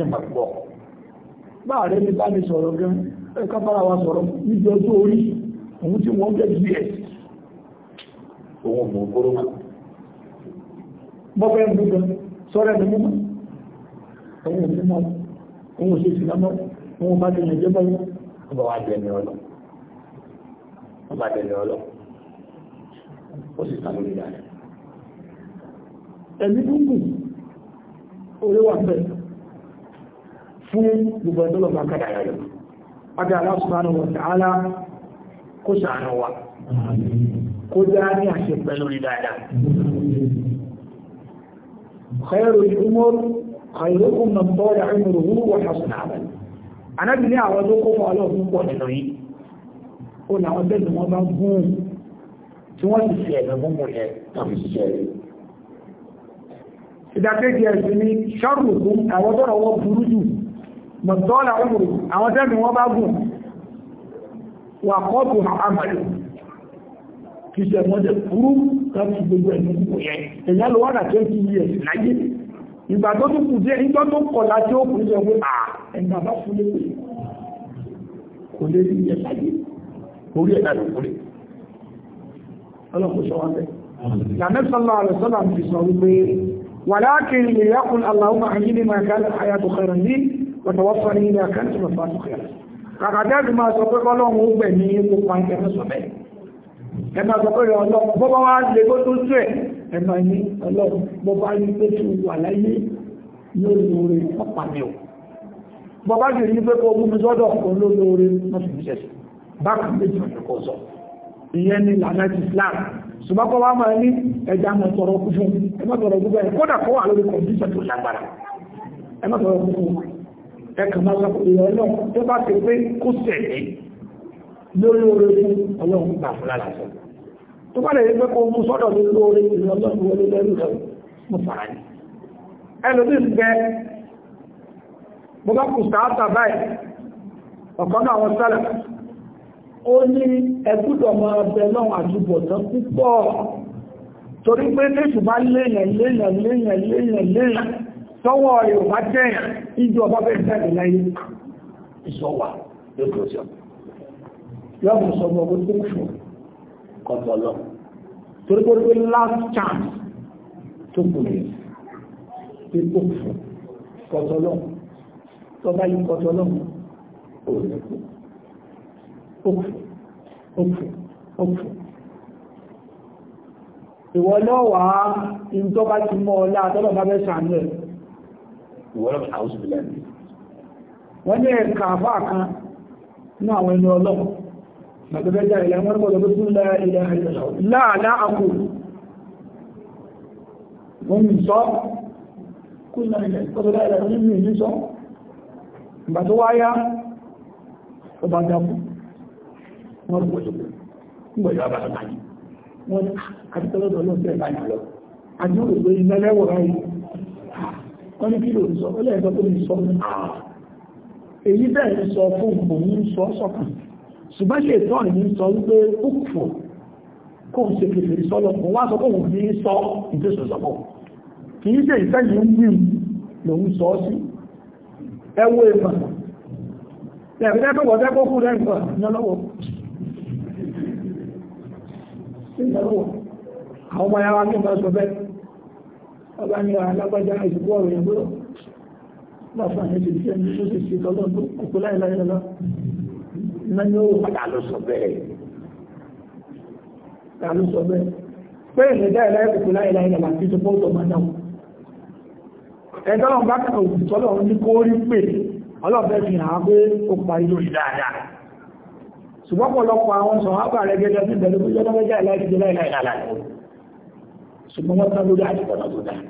tẹ̀mọ̀pọ̀ báà rẹ̀ ní bá mi sọ̀rọ̀ gan ẹ̀ká bára wa sọ̀rọ̀ níbi ọjọ́ orí òun tí wọ́n gẹ́ bs òun mọ̀ gbọ́rọ̀ mọ́ bọ́fẹ́ ń gbọ́gbọ́ sọ́rẹ́ mi mímọ́ òun mi mọ́ òun ṣe sì lámọ́ òun bá ti yànjẹ́ báyìí wọ́n bá wá jẹ́ ní ọlọ́ wọ́n bá jẹ́ ní ọlọ́ ó sì sá lórí dáadáa ẹ̀mí gúngùn orí wà bẹ́ẹ̀ fún gbogbo ẹ̀dọ́ lọ́gbà kàdà rẹ̀ ọjà aláṣùmánù wọ̀n tààlà kó sàánà wa kó dá ní àṣẹ pẹ̀lú rí dáadáa khairu umur khairukum man tala umruhu wa hasuna amal anabi ní àwọn tó kó fún ọlọ́run pọ̀ nínú wọ́n bá gún tí ẹ̀sìn ni ṣọ́rùkún àwọn tọ́rọ wọn burú jù mọ̀tọ́lá ọmọrù àwọn tẹ́mì wọ́n bá gùn wà kọ́pù àmàlù kì ṣe mọ́jẹ̀ kúrú láti gbogbo ẹ̀mí kò yẹ èyàn ló wọ́n dàtẹ́ sí iye ẹ̀sìn láyé ìgbà tó tún kù díẹ̀ nígbà tó kọ̀ láti ó kùn jẹ́ pé à ẹ̀nà bá fún lé pé kò lé rí iye láyé orí ẹ̀dà ló kúrè ọlọ́pọ̀ sọ wọn bẹ́ẹ̀ lànà sọ́lá rẹ̀ sọ́lá ti sọ wípé wàlákin lè yàkùn aláwọ̀ àyíní máa kálẹ̀ àyàtọ̀ kẹrẹ̀ yìí wọ̀tọ̀wọ́sọ̀rí ilẹ̀ àkáǹtì mọ̀fàtúkẹ́ kàkàdáàbì máa sọ pé kọ́lọ́run ó gbẹ̀ ní epo pàǹkẹ́ mọ́sọ̀bẹ̀ ẹ̀mà sọ pé ọlọ́run bọ́bá wá lè kó tó tú ẹ̀ ẹ̀mà ní ọlọ́run bọ́bá ní pé tí ó wà láyé ní olóore ọ̀pàmì ò bọ́bá sì rí pé kó gúnmi sọ́dọ̀ olóore mọ́sọ̀bíṣẹ̀sì bákan méjì ọ̀dọ̀kọ̀ sọ ìyẹn ni lànà ti Islam ṣùgbọ́n kọ́ wá máa ní ẹja mọ̀ tọrọ kú fún ẹ má tọrọ gbogbo ẹ̀ kódà kọ́ wà lórí kọ̀ǹpútà tó lágbára ẹ má tọrọ kú fún ẹkàn máa sọpọ̀ ìrọ̀ ọlọ́run tó bá ti pé kó sẹ̀lẹ̀ lórí orí ọlọ́run gbà fún lálàsọ tó bá lè rí pé kó mú sọ́dọ̀ ní lórí ìrọ̀ ọlọ́run wọlé lẹ́rù rẹ̀ mú fara ní ẹlòmí ń bẹ mo bá kù sáátà báyìí ọ̀kan náà wọn sálà ó ní ẹgbúdọ̀ máa bẹ lọ́run àdúgbò tán púpọ̀ torí pé léṣù bá léèyàn léèyàn léèyàn léèyàn léèyàn tọwọ́ rẹ̀ ò bá tẹ́yàn ìjọ ọba bẹ́ẹ̀ jáde láyé ìṣọ́wà lókòóṣọ́ yọ́mù sọ mọ́ ọgbọ́n tó fún kọ̀tọ̀lọ́ torí pé pé last chance tó kù rẹ̀ pé tó fún kọ̀tọ̀lọ́ tọ́ba yìí kọ̀tọ̀lọ́ ò rẹ̀ kú ó fún ó fún ó fún ìwọ náà wàá ìtọ́ba ti mọ́ ọ láàtọ́lọ́ bá fẹ́ sàánú ẹ̀ ìwọ́lọ́pù àwọn òṣèlú lẹ́nu wọ́n ní ẹ̀ka àbá kan ní àwọn ẹni ọlọ́pù màtẹ́fẹ́jà ilẹ̀ wọn gbọ́dọ̀ bí tún lá ilẹ̀ láàlá àkù wọ́n mi sọ kú ní ilẹ̀ gbọ́dọ̀ lá ilẹ̀ wọn mi ní sọ ìgbà tó wáyá ó bá dákú wọ́n ah, lọ́sẹ̀ báyìí lọ àti pé iná lẹ́wọ̀ wọ́n kí ló sọ ó tó ní sọ fún èyí bẹ́ẹ̀ ń sọ fún kò ní ah. sọ sọ́kàn ṣùgbọ́n ṣe ìtọ́ ní sọ wípé ó kò kò ṣe kèfèrè sọ́lọ̀ kò wá sọ pé ní sọ ìjọsọ kì í ṣe ìfẹ́yìn àwọn ọmọ yàrá ní ọmọ ẹ̀sọ́ ọba ní alágbájá ìsìnkú ọ̀rọ̀ yẹn gbọ́rọ̀ lọ́fà ní ti ṣe ní tó ti ṣe tọ́lọ́ tó kòkó láìláyé lọ iná ni ó padà ló sọ bẹ́ẹ̀ ta ló sọ bẹ́ẹ̀ pé èmi dá ìláyé kòkó láìláyé lọ àti tó bọ́ọ̀tọ̀ máa náà ẹgbẹ́ wọn bá kà òkùtọ́ lọ ní kó rí pé ọlọ́fẹ́ fi hàn pé ó parí lórí dáadáa ṣùgbọ́n pọ̀lọpọ̀ àwọn sọ̀rọ̀ àbàrẹ̀ gẹ́gẹ́ bí ìbẹ̀lú pé jọ́dọ́ mẹ́jà ìláyé kòkó láìláyé lọ ṣùgbọ́n wọ́n tán lórí àdìgbọ́n tó dáa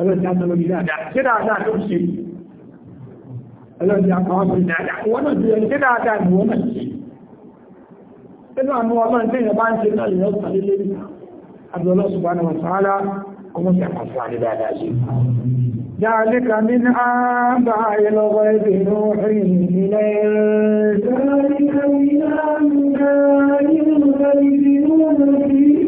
ọlọ́dí àtàlórí dáadáa ṣé dáadáa tó ṣe ọlọ́dí àpá ọmọ dáadáa wọ́n náà jẹ́ ṣé dáadáa ni wọ́n náà ṣe nínú àwọn ọlọ́run tí èèyàn bá ń ṣe náà lèyàn sàlé lórí àbúrò subhanahu wa ta'ala ọmọ sí àpàṣà ní dáadáa ṣe ذلك من آباء الغيب نوحيه إليه ذلك من آباء الغيب نوحيه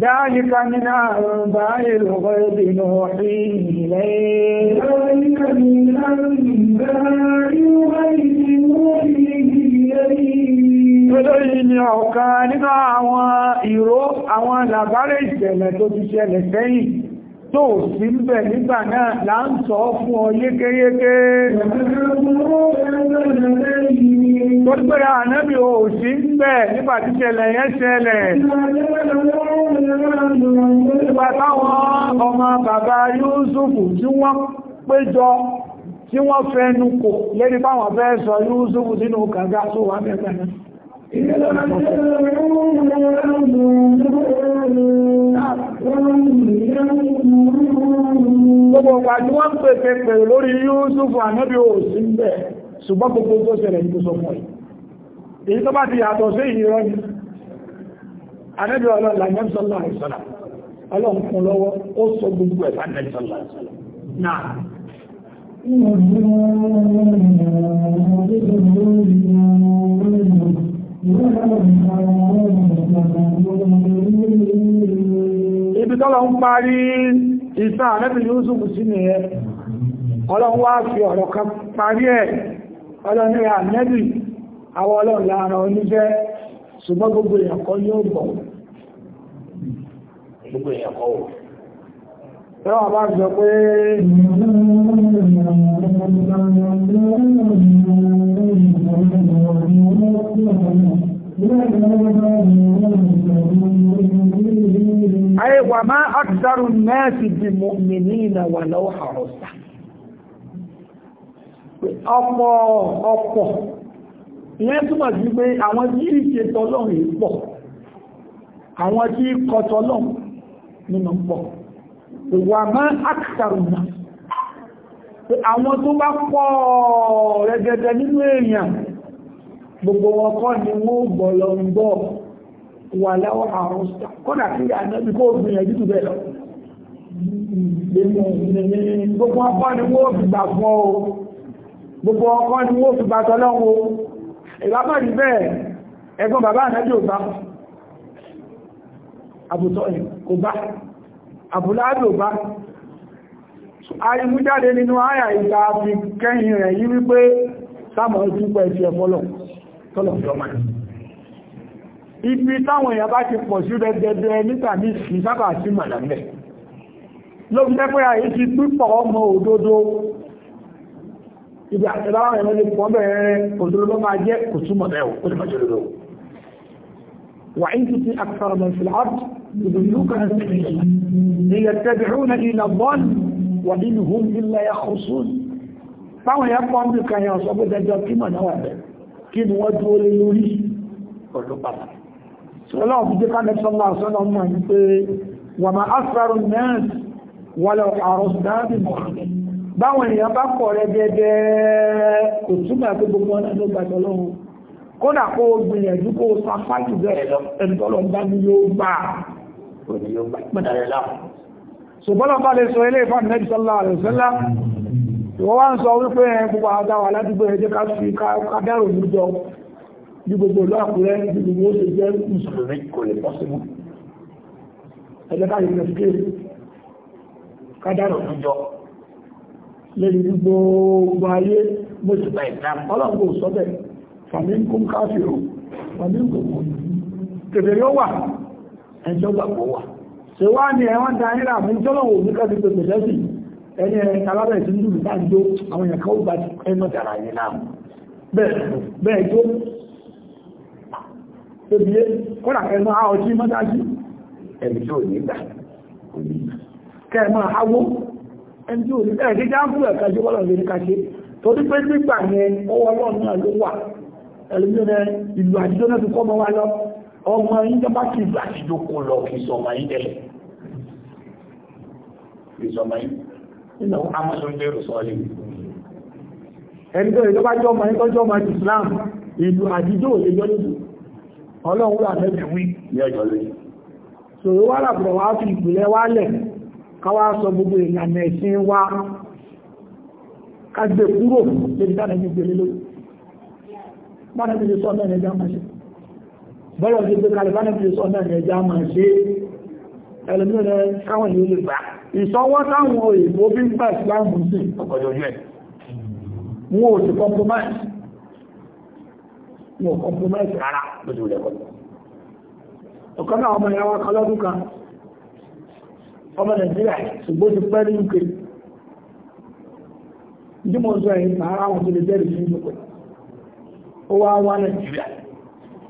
ذلك من أنباء الغيب نوحيه إليك ذلك من أنباء الغيب نوحيه إليك Olóyìn ni ọ̀kan nínú àwọn ìró àwọn làbárẹ̀ ìṣẹ̀lẹ̀ tó ti ṣẹlẹ̀ sẹ́yìn tó sí ń bẹ̀ nígbà náà là ń sọ fún ọ yékéyéké. Tó gbẹ́ra ànábì ò sí ń bẹ̀ nígbà tí ṣẹlẹ̀ yẹn ṣẹlẹ̀. Nígbà táwọn ọmọ bàbá Yúúsùfù tí wọ́n péjọ tí kò lérí báwọn fẹ́ sọ Yúúsùfù sínú kàgá tó wà mẹ́fẹ́ náà. Gbogbo ọ̀pá tí wọ́n pèsè pèrè lórí Yúúsùfù ànábí ò sí ń bẹ̀ ṣùgbọ́n gbogbo Ànábì ọlọ́lá mẹ́sọ́lá ìsọ́lá. Ọlọ́run lọ́wọ́, ó sọ gbogbo ẹ̀fà Ọlọ́run wá fi ọ̀rọ̀ kan parí ẹ̀. Ọlọ́run ní ọlọ́run láàrin oníṣẹ́ ṣùgbọ́n gbogbo èèyàn kọ́ ní ọgbọ̀ gbogbo èèyàn kọ́ wò Ẹwà bá jọ pé Ayé wà máa ọ́kìdárù mẹ́sì bí mọ̀mìnì ìnà wà lọ́wọ́ àrọ̀sà. Ọ̀pọ̀ ọ̀pọ̀ ìyẹn túnmọ̀ sí pé àwọn tí ìṣe tọ́lọ́run pọ̀ àwọn tí kọ tọ́lọ́run nínú pọ̀ wà máa ákìtàrùnà àwọn tó bá pọ̀ rẹ̀gẹ̀dẹ̀ nínú èèyàn gbogbo wọn kọ́ ni wọ́n bọ̀ lọ ń bọ̀ wà láwọ́ àrùn kọ́nà kí ànábì kó gbìyànjú jù bẹ́ẹ̀ lọ gbogbo ọkọ́ ni wọ́n fi gbà fún ọ gbogbo ọkọ́ ni wọ́n fi gbà tọ́lọ́run ìlàmọ̀rí bẹ́ẹ̀ ẹ̀gbọ́n bàbá ànájì ò bá àbùtọ́ ẹ̀ kò bá àbúláàbì ò bá arimújáde nínú àyà ìta fi kẹ́yìn rẹ̀ yí wípé sáàmù ìtúpọ̀ ẹ̀sì ẹ̀fọ́lọ̀ tọ́lọ̀ fọ́mà ibi táwọn èèyàn bá ti pọ̀ sí rẹ̀gẹ̀dẹ̀ níta ní sí sábà sí màdàmẹ́ lóbi tẹ́pẹ́ àyíkí pípọ̀ ọmọ òdodo ibi àtẹ́lá àwọn ẹ̀mọ́ lè pọ̀ bẹ̀rẹ̀ òṣèlúgbọ́ máa jẹ́ kò túnmọ̀ ẹ̀wọ̀ ó lè bàjẹ́ lọ́wọ́ wà ní títí àkàràmọ̀ ìfìlàbù ìbìlúkà ìyẹ̀tẹ̀bìrún ilẹ̀ bọ́ọ̀n wà nínú hùn ilẹ̀ ẹ̀kùsùn táwọn ẹ̀yà pọ̀ ń bí kan yàn sọ pé jẹjọ kí mọ̀ náà wà bẹ̀ kí ni wọ́n dúró lé lórí ọ̀dọ́ padà sọlọ́ fi jẹ́ kánẹ́ sọ́lá sọ́lá mọ̀ ní pé wà máa asrarun náà wà lọ àrọ̀sùn náà bí mọ̀ báwọn èèyàn bá kọ̀ rẹ dẹ́dẹ́ kò túmọ̀ pé gbogbo ọ̀nà ló gbàtọ̀ lọ́hùn kódà kó o gbìyànjú kó o san fáìlì bẹ́ẹ̀ lọ ẹni tọ́lọ́ ń bá ní yóò gbà kò ní yóò gbà pẹ̀lú rẹ̀ láwọn. ṣùgbọ́n bá lè sọ ilé ìfà nẹ́bí sọ́lá rẹ̀ sẹ́lá ìwọ́ wá ń sọ wípé ká fi kádàrò lórí gbogbo ayé mo sì pa ìtàn ọlọ́gbò sọ́bẹ̀ fàmíkún káfíò fàmíkún kò ní kèfè yóò wà ẹjọ́ gbàgbọ́ wà ṣe wá ní ẹwọ́n ta nílà mú tọ́lọ̀wò ní kẹ́sì pẹ̀lú lẹ́sì ẹni ẹ̀yìn alábẹ̀ sí nílùú bá ń jó àwọn èèyàn kan ó gba ẹmọ tàrà yìí náà bẹ́ẹ̀ tó tí mọ́tá ní gbà kẹ́ àwọ́ ẹni tí ò ní ẹ̀ kíkà ń fúlẹ̀ kájú wọ́n lọ́nà lórí kájú torí pé nígbà yẹn ọwọ́ ọlọ́run náà ló wà ẹlòmíràn ìlú àdìjọ́ náà ti kọ́ ọmọ wa lọ ọmọ yín tó bá ti ìlú àdìjọ́ kò lọ kì í sọ ọmọ yín tẹ́lẹ̀ kì í sọ ọmọ yín nínú amọ̀sọ̀ lérò sọ́ọ́lì ẹni tó ìjọba jọ ọmọ yín tọ́jú ọmọ Islam ìlú àdìjọ́ ò lè jọ lójú ọlọ́run wà lẹ́bẹ̀ẹ́ wí ní ọjọ́ lójú sòrò wà lábùrọ̀ wá fi ìpìlẹ̀ wálẹ̀ káwá sọ gbogbo ìlànà ẹ̀sìn wa kágbé kúrò lórí tánàbí gbélé lórí bánàbí lè sọ mẹ́rin ẹja máa ṣe bọ́lọ̀ ti gbé kalẹ̀ bánàbí lè sọ mẹ́rin ẹja máa ṣe ẹlòmínà káwọn ìlú lè gbà ìsọwọ́ táwọn òyìnbó bí ń gbà ìsìláàmù sí ọkọ̀jọ̀ yẹn wọn ò sì ọmọ nàìjíríà ṣùgbọ́n ti pẹ́ ní uk ní mo sọ ẹ̀yìn máa ráwọn tó lè jẹ́rìí sí ìlú pẹ̀lú ó wá wá nàìjíríà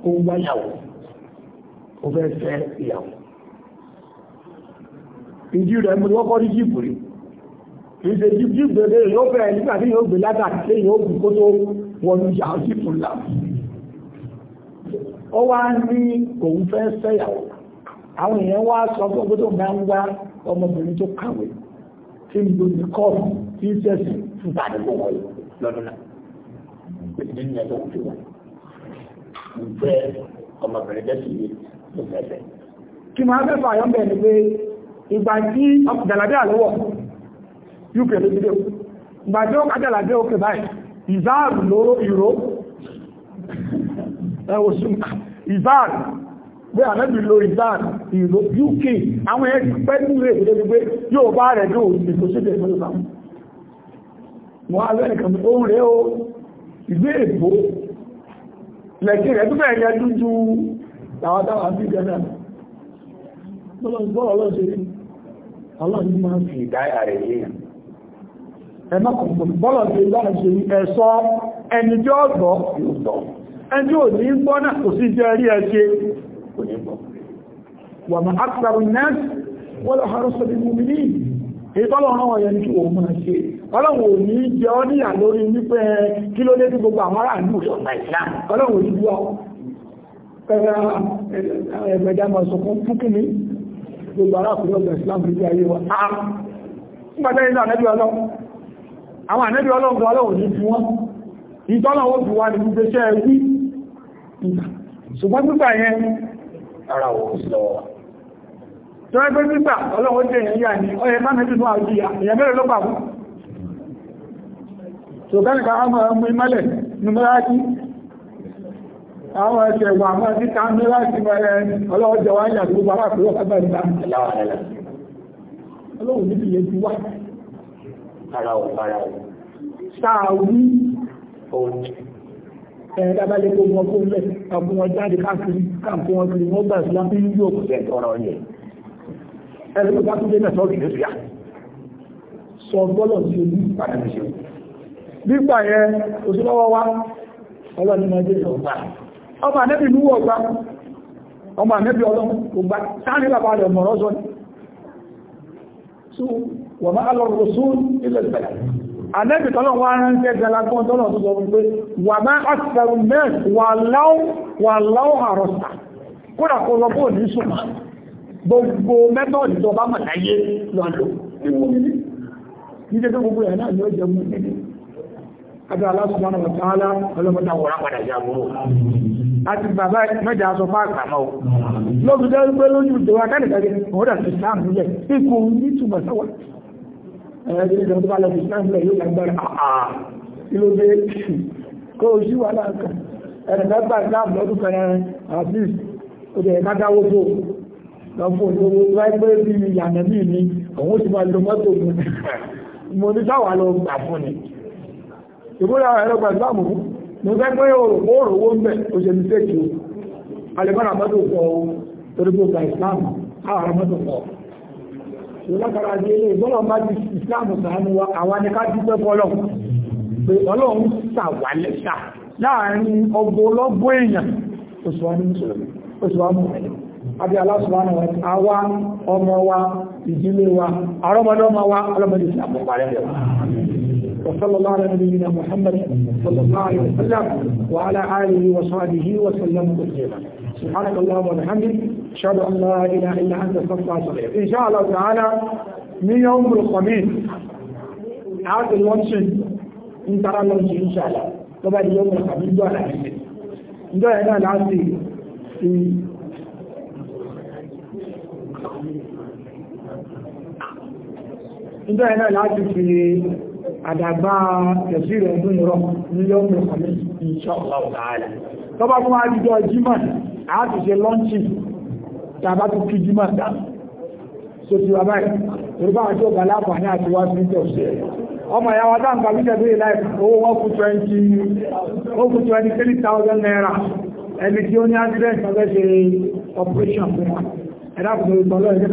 ó wá yàwó ó fẹ́ fẹ́ ìyàwó ìdí rẹ̀ mo lọ́kọ́ ní jíìpù rí kì í ṣe jíìpù rẹ̀ yóò bẹ̀rẹ̀ nígbà tí yóò gbé látàkì lẹ́yìn ó kù kó tó wọnú yàwó jíìpù ńlá ó wá ní òun fẹ́ fẹ́ ìyàwó àwọn èèyàn wá sọ fún ọgbọ́n tó máa ọmọbìnrin tó kàwé tí ń lo nìkọ́ọ̀bù tí ń sẹ̀sì fún àdúgbò wọn lọ́dún náà ìdí ni ẹ̀dọ́ òkè wọn ń fẹ́ ọmọbìnrin tẹ́sí yìí ló fẹ́fẹ́. kí máa fẹ́ fà yọ́n bẹ̀rẹ̀ pé ìgbà tí ọkùnjàlàdé àlọ́wọ̀ uk ló ti dé ìgbà tí ó kájàlàdé òkè báyìí ìzáàrù lóró ìró ẹwọ̀ súnmọ́ ìzáàrù pé ànábì lo ìdáàn ìlò uk àwọn ẹ̀rí pẹ́ nílé ìdílé gbígbé yóò bá rẹ̀ dùn ìdìbò sílẹ̀ ìlú sàmù mọ́ alẹ́nìkan tó ń rẹ̀ ó ìlú èbó lẹ́kí rẹ̀ tó bẹ̀rẹ̀ yẹ dúdú tàwátàwà sí gẹ́gẹ́ ẹni tí ó gbọ́ ẹni tí ò ní gbọ́ náà kò sí jẹ́ rí ẹ ṣe wà máa àkàrù náà wọ́n lọ́hàrù sọ bí mùmí ní ìtọ́lọ̀rán ọ̀yẹ́ ní kí wọ́n máa ṣe ọlọ́wọ̀ ní jẹ́ ọ́ níyà lórí wípé kí ló dé tí gbogbo àwọn ará ìlú ìṣọ̀tà ìlà ọlọ́wọ̀ ní wọ́ ẹgbẹ̀dá máa sọ fún fúnkí ní gbogbo ará ìpínlẹ̀ ọgbà Islam rí ayé wa nígbàtẹ́ nínú ànẹ́bí ọlọ́run àwọn ànẹ́bí ọlọ́run ọlọ́run ní fi wọ́n ìtọ́lọ̀wọ́ fi wá ní gbogbo iṣẹ́ wí ṣùgbọ́n gbígbà yẹn ara òkú sí lọ́wọ́ tó ẹgbẹ́ gbígbà ọlọ́wọ́ jẹ́ ìyá ni ọyẹ bá mẹ́bí fún àwọn ìyá ìyá mẹ́rẹ̀ ló bà fún tó bẹ́ẹ̀ ká ọmọ ọmọ ìmọ́lẹ̀ numeraki àwọn ẹ̀ṣẹ̀ wà mọ́ sí ká numeraki mẹ́rẹ̀ ọlọ́wọ́ jẹ́ wáyà tó wà wà pẹ̀lú ọ̀pẹ́ ìgbà ọlọ́wọ́ níbi yẹn ti wá ara ò para ò sáà wí ẹ̀ẹ́dábá lè gbogbo ọkọ̀ ilẹ̀ ọkùnrin jáde káàkiri káàkiri wọ́n gbà sí lápí ẹni tó bá tún dé mẹ́tọ́ rí lẹ́sùn yá sọ gbọ́dọ̀ sí ojú ìpàdé ṣe nígbà yẹn òṣìlọ́wọ́ wa ọlọ́ni máa jẹ́ ìjọba ọmọ ànẹ́bì lúwọ́ ọgbà ọmọ ànẹ́bì ọlọ́run ọgbà sáàrí bàbá rẹ̀ mọ̀rọ̀ sọ ní so wọ́n máa lọ rọ̀ sún ilẹ̀ ìpẹ̀lẹ̀ ànẹ́bì tọ́lọ́run wá ránṣẹ́ galagán tọ́lọ́run tó sọ fún pé wà máa ọ̀sẹ̀rù mẹ́rin wà láwọ̀ àrọ̀sà kódà kó lọ bóò ní sùn gbogbo mẹ́tọ̀dì tó bá mọ̀ láyé lọ́nà nínú nílé ní jẹ́ gbogbo ẹ̀ náà ni ó jẹ́ mú nílé Adá aláṣùmọ́nà wàtàálá ọlọ́pọ̀dá wọ̀rá padà jàmúrò. A ti bàbá mẹ́jà aṣọ fáà kàmọ́. Lọ́gbùn jẹ́ wípé lójú ìjọba kẹ́nìkàrí ọ̀dà ti sáàmù lẹ̀. Ikú ní túnmọ̀ sáwà. Ẹgbẹ́ ìjọba tó bá lọ sí sáàmù lẹ̀ yóò lágbára àà. Ilé kó o sí wà láàkà. Ẹ̀rẹ̀ lọ́pọ̀ olówó láìpẹ́ bí ìyànà mí ni òun ti máa lo mọ́tò mú mo ní sáwà lọ gbà fún ni ìgbóra ẹ̀rọ gbàgbà mú mo fẹ́ pé òròwó ń bẹ̀ ó ṣe ní sẹ́kì o alẹ́gbọ́n àmọ́tò pọ̀ o torí pé gba Islam àwọn àmọ́tò pọ̀ ìlọ́kara di ilé ìgbọ́nà bá ti Islam sàánú wa àwọn ni ká dúpẹ́ fọlọ́ pé Ọlọ́run ṣàwálẹ̀ ṣà láàrin ọgbọ́ ọlọ́gbọ́ èèyàn oṣù wa ní mùsùlùmí oṣù wa mú ẹ̀yìn àbí Allah subhanahu wa ta'ala àwa ọmọ wa ìdílé wa àrọ́mọdọ́mọ wa sí àpò وصلى الله على نبينا محمد صلى الله عليه وسلم وعلى اله وصحبه وسلم تسليما سبحانك اللهم وبحمدك اشهد ان لا اله الا انت استغفرك واتوب ان شاء الله تعالى من يوم الخميس عاد اللونشن ان ترى ان شاء الله طبعا يوم الخميس ده على الجو هنا في nígbà yẹn náà láti fi àdàgbà tẹ̀sí rẹ̀ ọdún ìrọ̀ ní yọ́mù ọ̀lẹ́ ìṣọ́ọ̀lá ọ̀dáàlá tọ́bá fún àjíjọ jímọ̀ àti ṣe lọ́ńchì tàbá tó kí jímọ̀ dá so ti wà báyìí yorùbá àti ọgbà lápà ní àti wá sí ìjọsẹ̀ ọmọ ìyá wa dáǹkà bí tẹ̀sí ilá owó wọn kú 23,000 naira ẹni tí ó ní accident ọgbẹ́ ṣe operation fún wa ẹ̀dàkùnrin ìtọ́lọ́ ẹ̀jẹ́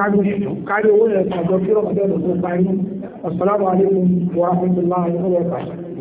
kárí owó ẹ̀ẹ̀kọ́ àjọ kí ọmọdé ọ̀dọ̀ tó parí ọ̀sọ̀láwà alẹ́kùn wọ́n á fún